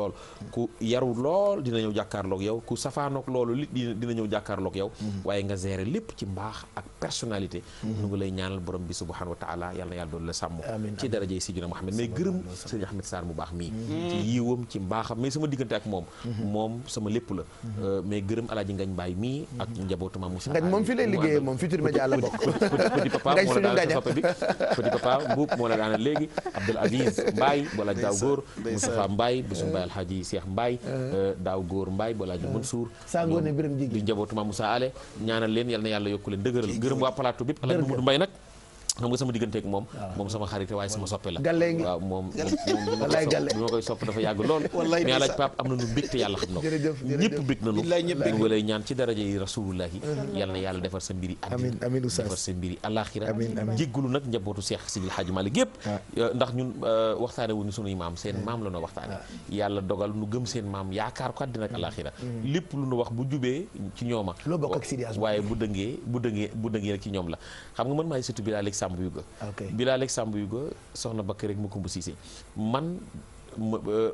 lool dina ñëw jàkkaarloog yow ku safaanoog loolu li dina ñëw jàkkaarloog yow mm-hmm. waaye nga gérer lépp ci mbaax ak personnalité nu mm-hmm. ngi lay ñaanal borom bi subhanahu wa taala yàlla na yàlla doon la sàmm ci darajey Sidina Muhammad mais gërëm sëñ Ahmed Sarr mu baax mii mm-hmm. ci yiwam ci mbaaxam mais sama diggante ak moom moom sama lépp la euh, mais gërëm alaaji ngañ mbaay mii ak njabootu Maam Moussa ngañ moom fi lay liggéeyee moom futur média la bokk petit papa [LAUGHS] moo la daan papa bi petit papa mbuub moo la daan léegi Abdoul Aziz Mbaye wala Diaw Góor daaw góor mbaay ba laaj ah. Mansour sangoone biram jigi di njabootu Mamoussa Ale ñaanal leen yal na yàlla yokku leen dëgëral gërëm waa plateau bépp alaaj Mamadou Mbaye nag xam nga sama digganteeg moom ah. moom sama xarit waaye sama soppe la waaw moom bi ma koy sopp dafa yàgg lool mais alaaj pap am na nu mbégte yàlla xam na ko ñëpp bég nanu ñu ngi lay ñaan ci daraja yi rasulullahi na yàlla defar sa mbiri amin amin oustaz defar ah. euh, ndax ñun euh, waxtaane wuñu sunuy maam seen ah. maam la nu waxtaane yàlla dogal nu gëm seen maam yaakaar ko àddina ak mm. alaxira mm. lépp lu nu wax bu jubee ci ñooma waaye bu dëngee bu dëngee bu dëngee rek ci ñoom la xam nga man maay surtout bi Sambou Yuga. Ah, ok Bilal ak Sambou Yuga soxna Bakary ak Makumba Cissé man. Euh,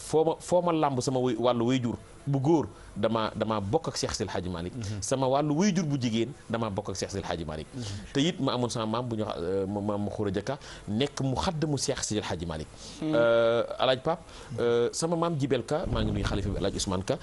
foo ma foo ma làmb sama wàllu wayjur bu góor dama dama bokk ak Cheikh Sil Hadji Malick mhm. sama wàllu wayjur bu jigéen dama bokk ak Cheikh Sil Hadji mhm. te it ma amoon sama maam bu ñu euh, maam ma xura nekk mu xaddamu Cheikh Sil Hadji Malick mhm. euh, alaaj Pape sama maam Jibel Ka maa ngi nuyu xalifa bi alaaj Ousmane Ka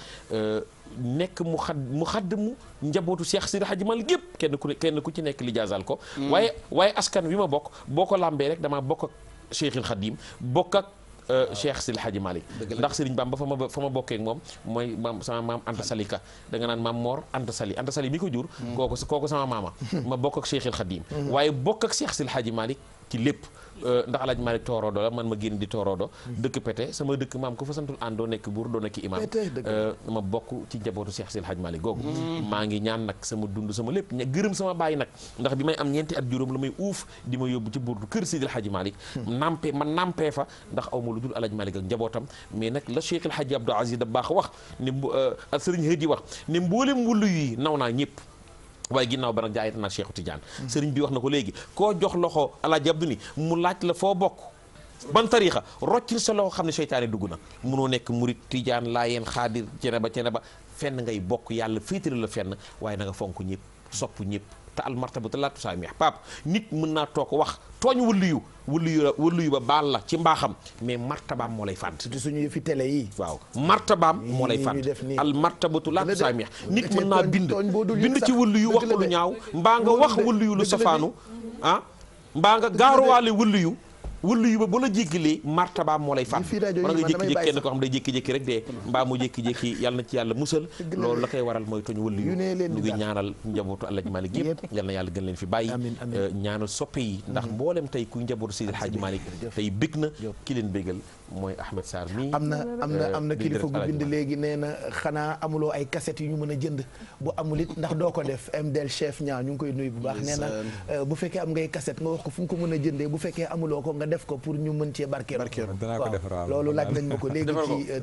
nekk mu xad mu xaddamu njabootu Cheikh Sil Hadji Malick yëpp kenn ku kenn ku ci nekk lijaasal ko waaye waaye askan wi ma bokk boo ko làmbee rek dama bokk ak Cheikhil Khadim bokk ak Euh, Cheikh Sil Hadji Malick ndax Serigne Bamba fa ma fa ma bokkee ak moom mooy maam sama maam Anta Sali ka da nga naan maam Mor Anta Sali Anta Sali mi ko jur mm. kooku kooku sama maama [LAUGHS] ma bokk ak Cheikh El mm-hmm. waaye bokk ak Cheikh Sil Hadji Malick ci lépp Euh, ndax alaaj Malick tooroodo la man ma génn di tooroodo dëkk Pété sama dëkk maam ko fa santul aan doo nekk buur doo nekk imaam euh, ma bokk ci njabootu seex Sil Hadj Malick googu mm. maa ngi ñaan nag sama dund sama lépp ña gërëm sama bàyyi nag ndax bi may am ñeenti at juróom la may uuf di ma yóbbu ci buurdu kër Sidil Hadj Malick nampé man nampé fa ndax aw ma lu dul alaaj Malick ak njabootam mais nag la Cheikh El Hadj Abdou Aziz da baax wax ne sëriñ Hadj wax ne mboolem wullu yi naw naa ñëpp waaye ginnaaw ba nag jaayante naa Cheikh Tidiane. sëriñ bi wax na ko léegi koo jox loxo Alaaji ni mu laaj la foo bokk. ban tariixa roccil sa loxo xam ne seytaane dugg na munoo nekk murit laa Laayeen Xaadir cene ba cene ba fenn ngay bokk yàlla féetale la fenn waaye nanga fonk ñëpp sopp ñëpp. te al martabatu laa tusaamih pap nit mën naa toog wax tooñ wëlluyu wëlluyu wëlluyu ba baal la ci mbaaxam mais martabaam moo lay fàdd surtout suñu yëfi télé yi waaw martabaam moo lay fàdd al martabatu laa tusaamih nit mën naa bind bind ci yu wax ko lu ñaaw mbaa nga wax wëlluyu lu safaanu ah mbaa nga gaaruwaale wëlluyu wala yu ba ba la jéggalee martaba moo lay fàtt wala nga jékki-jékki kenn koo xam day jékki-jékki rek dee mbaa mu jékki-jékki yàlla na ci yàlla musal loolu la koy waral mooy tooñ wala yu ñu ngi ñaanal njabootu Alaaji Malick yëpp yal na yàlla gën leen fi bàyyi ñaanal soppe yi ndax mboolem tey ku njabootu Seydi Alaaji Malick tey bég na ki leen bégal mooy Ahmed Sarr mi am na am na am na euh, kilifa gu léegi nee na xanaa amuloo ay cassettes yu ñu mën a jënd bu amul it ndax doo ko def MDL chef ñaa ñu ngi koy nuyu bu baax nee na euh, bu fekkee am ngay cassette nga wax ko fu nga ko mën a jëndee bu fekkee amuloo ko nga def ko pour ñu mën cee barkeelu waaw loolu laaj nañ ma ko euh,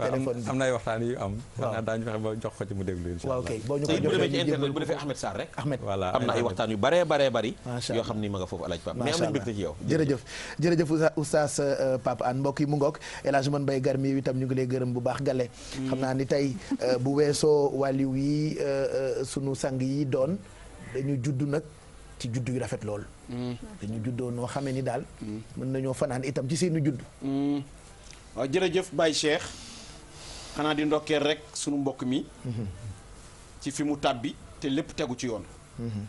na ay waxtaan yu am xanaa jox ko ci boo ñu ko joxee ci internet bu defee Ahmed Sarr rek Ahmed yu bare bare bari yoo xam ni ma nga foofu alaaj Pape mais am nañ mbégte ci yow jërëjëf yi mu ngoog El Hadj Man Garmi itam ñu ngi lay gërëm bu baax gale mm. xam naa ni tey euh, bu weesoo wàlliw yi euh, euh, sunu sang yi doon dañu juddu nag ci juddu yu rafet lool. Mm. dañu juddoo noo xamee ni daal. Mm. mën nañoo fanaan itam ci seeni judd. waaw jërëjëf Baye Cheikh xanaa di ndokkeel rek sunu mbokk mi. Mm-hmm. ci fi mu tàbbi te lépp tegu ci yoon. Mm-hmm.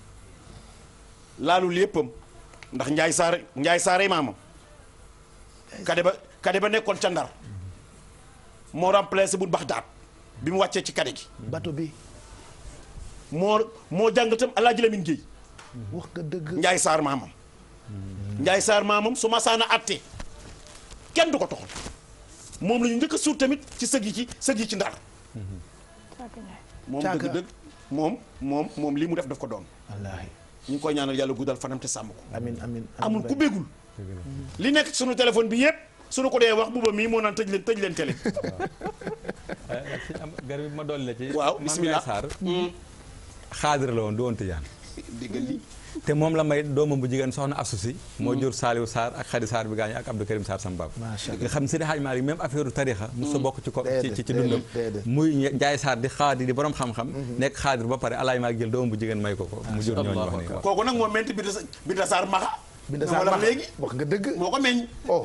laalul yéppam ndax Njaay Saare Njaay Saare maamam. kade ba nekkoon ca ndar moo remplacé bu baxdaat bi mu wàccee ci kade gi. bato bi. moo moo jàng itam El Hadj Lamine Guèye. wax dëgg. Ndiaye Sarr maamam. njaay Sarr maamam su ma saana àttee kenn du ko toxal moom la njëkk a tamit ci sëg ci sëg ci ndar. moom dëgg dëgg moom moom moom lii mu def def ko doom wallaahi ñu ngi koy ñaanal yàlla guddal fanam te sàmm ko. amul ku bégul. li nekk sunu téléphone bi yëpp. suñu ko dee wax buba mii moo naan tëj leen tëj leen télé. [LAUGHS] garab bi ma dolli la ci. waaw bismillah Saar. Mm. xaadir la woon du woon tijaan. diggal li te moom la may doomam bu jigéen soxna Asou si. moo mm. jur Saliou Sarr ak Khady saar bi gaañu ak Abdou Karim Sarr sam baab. nga xam si Seydi Hadji Malick même affaire tarixa mu mm. sa bokk ci ko ci ci dundam. muy Ndiaye Sarr di xaadi di borom xam-xam. Mm-hmm. nekk xaadir ba pare alaay maa jël doomam bu jigéen may ko ko. mu jur ñooñu wax nii kooku nag moo menti Binta Sarr Maxa. Binta Sarr léegi nga dëgg moo ko meññ. Oh.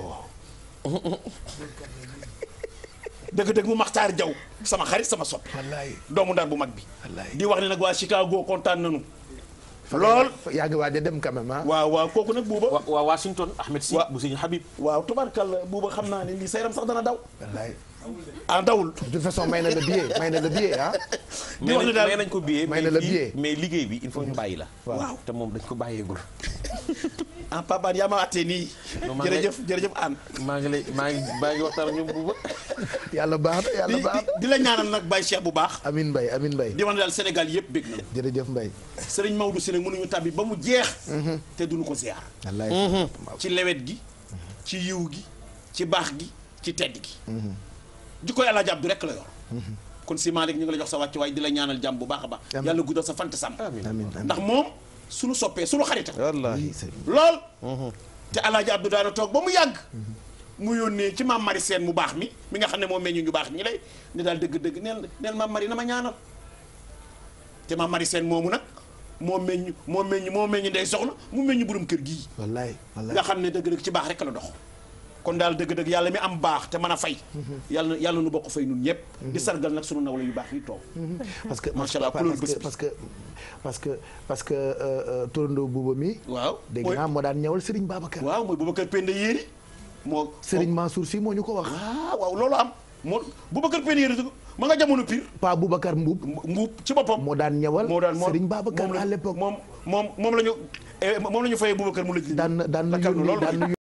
dëgg-dëgg mu maxtaar jaw sama xarit sama soppi. wallaay doomu ndar bu mag bi. di wax ne nag waa Chicago kontaan nañu. lool yaa ngi waa a dem quand même ah. waaw waaw kooku nag buuba. waaw waa Washington Ahmed Sy. si Sëñ Habib. waaw tubarkalla buuba xam naa ne lii sa yaram sax dana daw. ah dawul de toute façon may na la billet may na la billet ah. may ko billet may na la billet liggéey bi il faut ñu bàyyi la. waaw te moom dañ ko bàyyeegul. [LAUGHS] ah Pape Hann yaa ma àttee nii. jërëjëf jërëjëf Hann. maa ngi lay maa ngi maa ngi waxtaan ñu bu ba. [LAUGHS] yàlla baax na yàlla baax di la ñaanal nag Baye Cheikh bu baax. amiin Mbaye amiin mbay di wax ne daal Sénégal yëpp bég na. jërëjëf Mbaye. Serigne Maodo Sy nag mënuñu tàbbi ba mu jeex. Mhm. te duñu ko ziar. wallaay mhm. ci lewet gi ci yiw gi ci baax gi ci tedd gi mhm. jikkoy Alaaji Abdu rek la yor kon si Malick ñu ngi la jox sa wàcc waaye di la ñaanal jàmm bu baax a baax yàlla guddal sa fant sàmm ndax moom suñu soppee su suñu xarita wallaahi lool mhm. te Alaaji Abdu daana toog ba mu yàgg mu yónnee ci maam Mari seen mu baax mi mi nga xam ne moo meññu ñu baax mi ñi lay ne daal dëgg-dëgg neel neen maam Mari na ma ñaanal te maam Mari seen moomu nag moo meññ moo meññ moo meññ ndey soxna mu meññ borom kër gii wallaay wallaay nga xam ne dëgg-dëgg ci baax rek la dox kon daal dëgg-dëgg yàlla mi am baax te mën a fay yàlla na yàlla nu bokk fay ñun ñëpp di sargal nag sunu nawle yu baax yi toog parce que macha allah couleur bés parce que parce que parce que euh, euh, turandoo buuba mi waaw dégg naa moo daan ñëwal Serigne Babacar waaw mooy Babacar Penda Yéeri moo Serigne Mansour moo ñu ko wax waaw ah, waaw loolu am moo Babacar Penda Yéeri ma nga jamono pire pa Boubacar Mbuub Mbuub ci boppam moo daan ñëwal moo daan Serigne Babacar à l'époque moom moom moom la ñu eh, moom la ñu fayee Boubacar mu lëj daan daan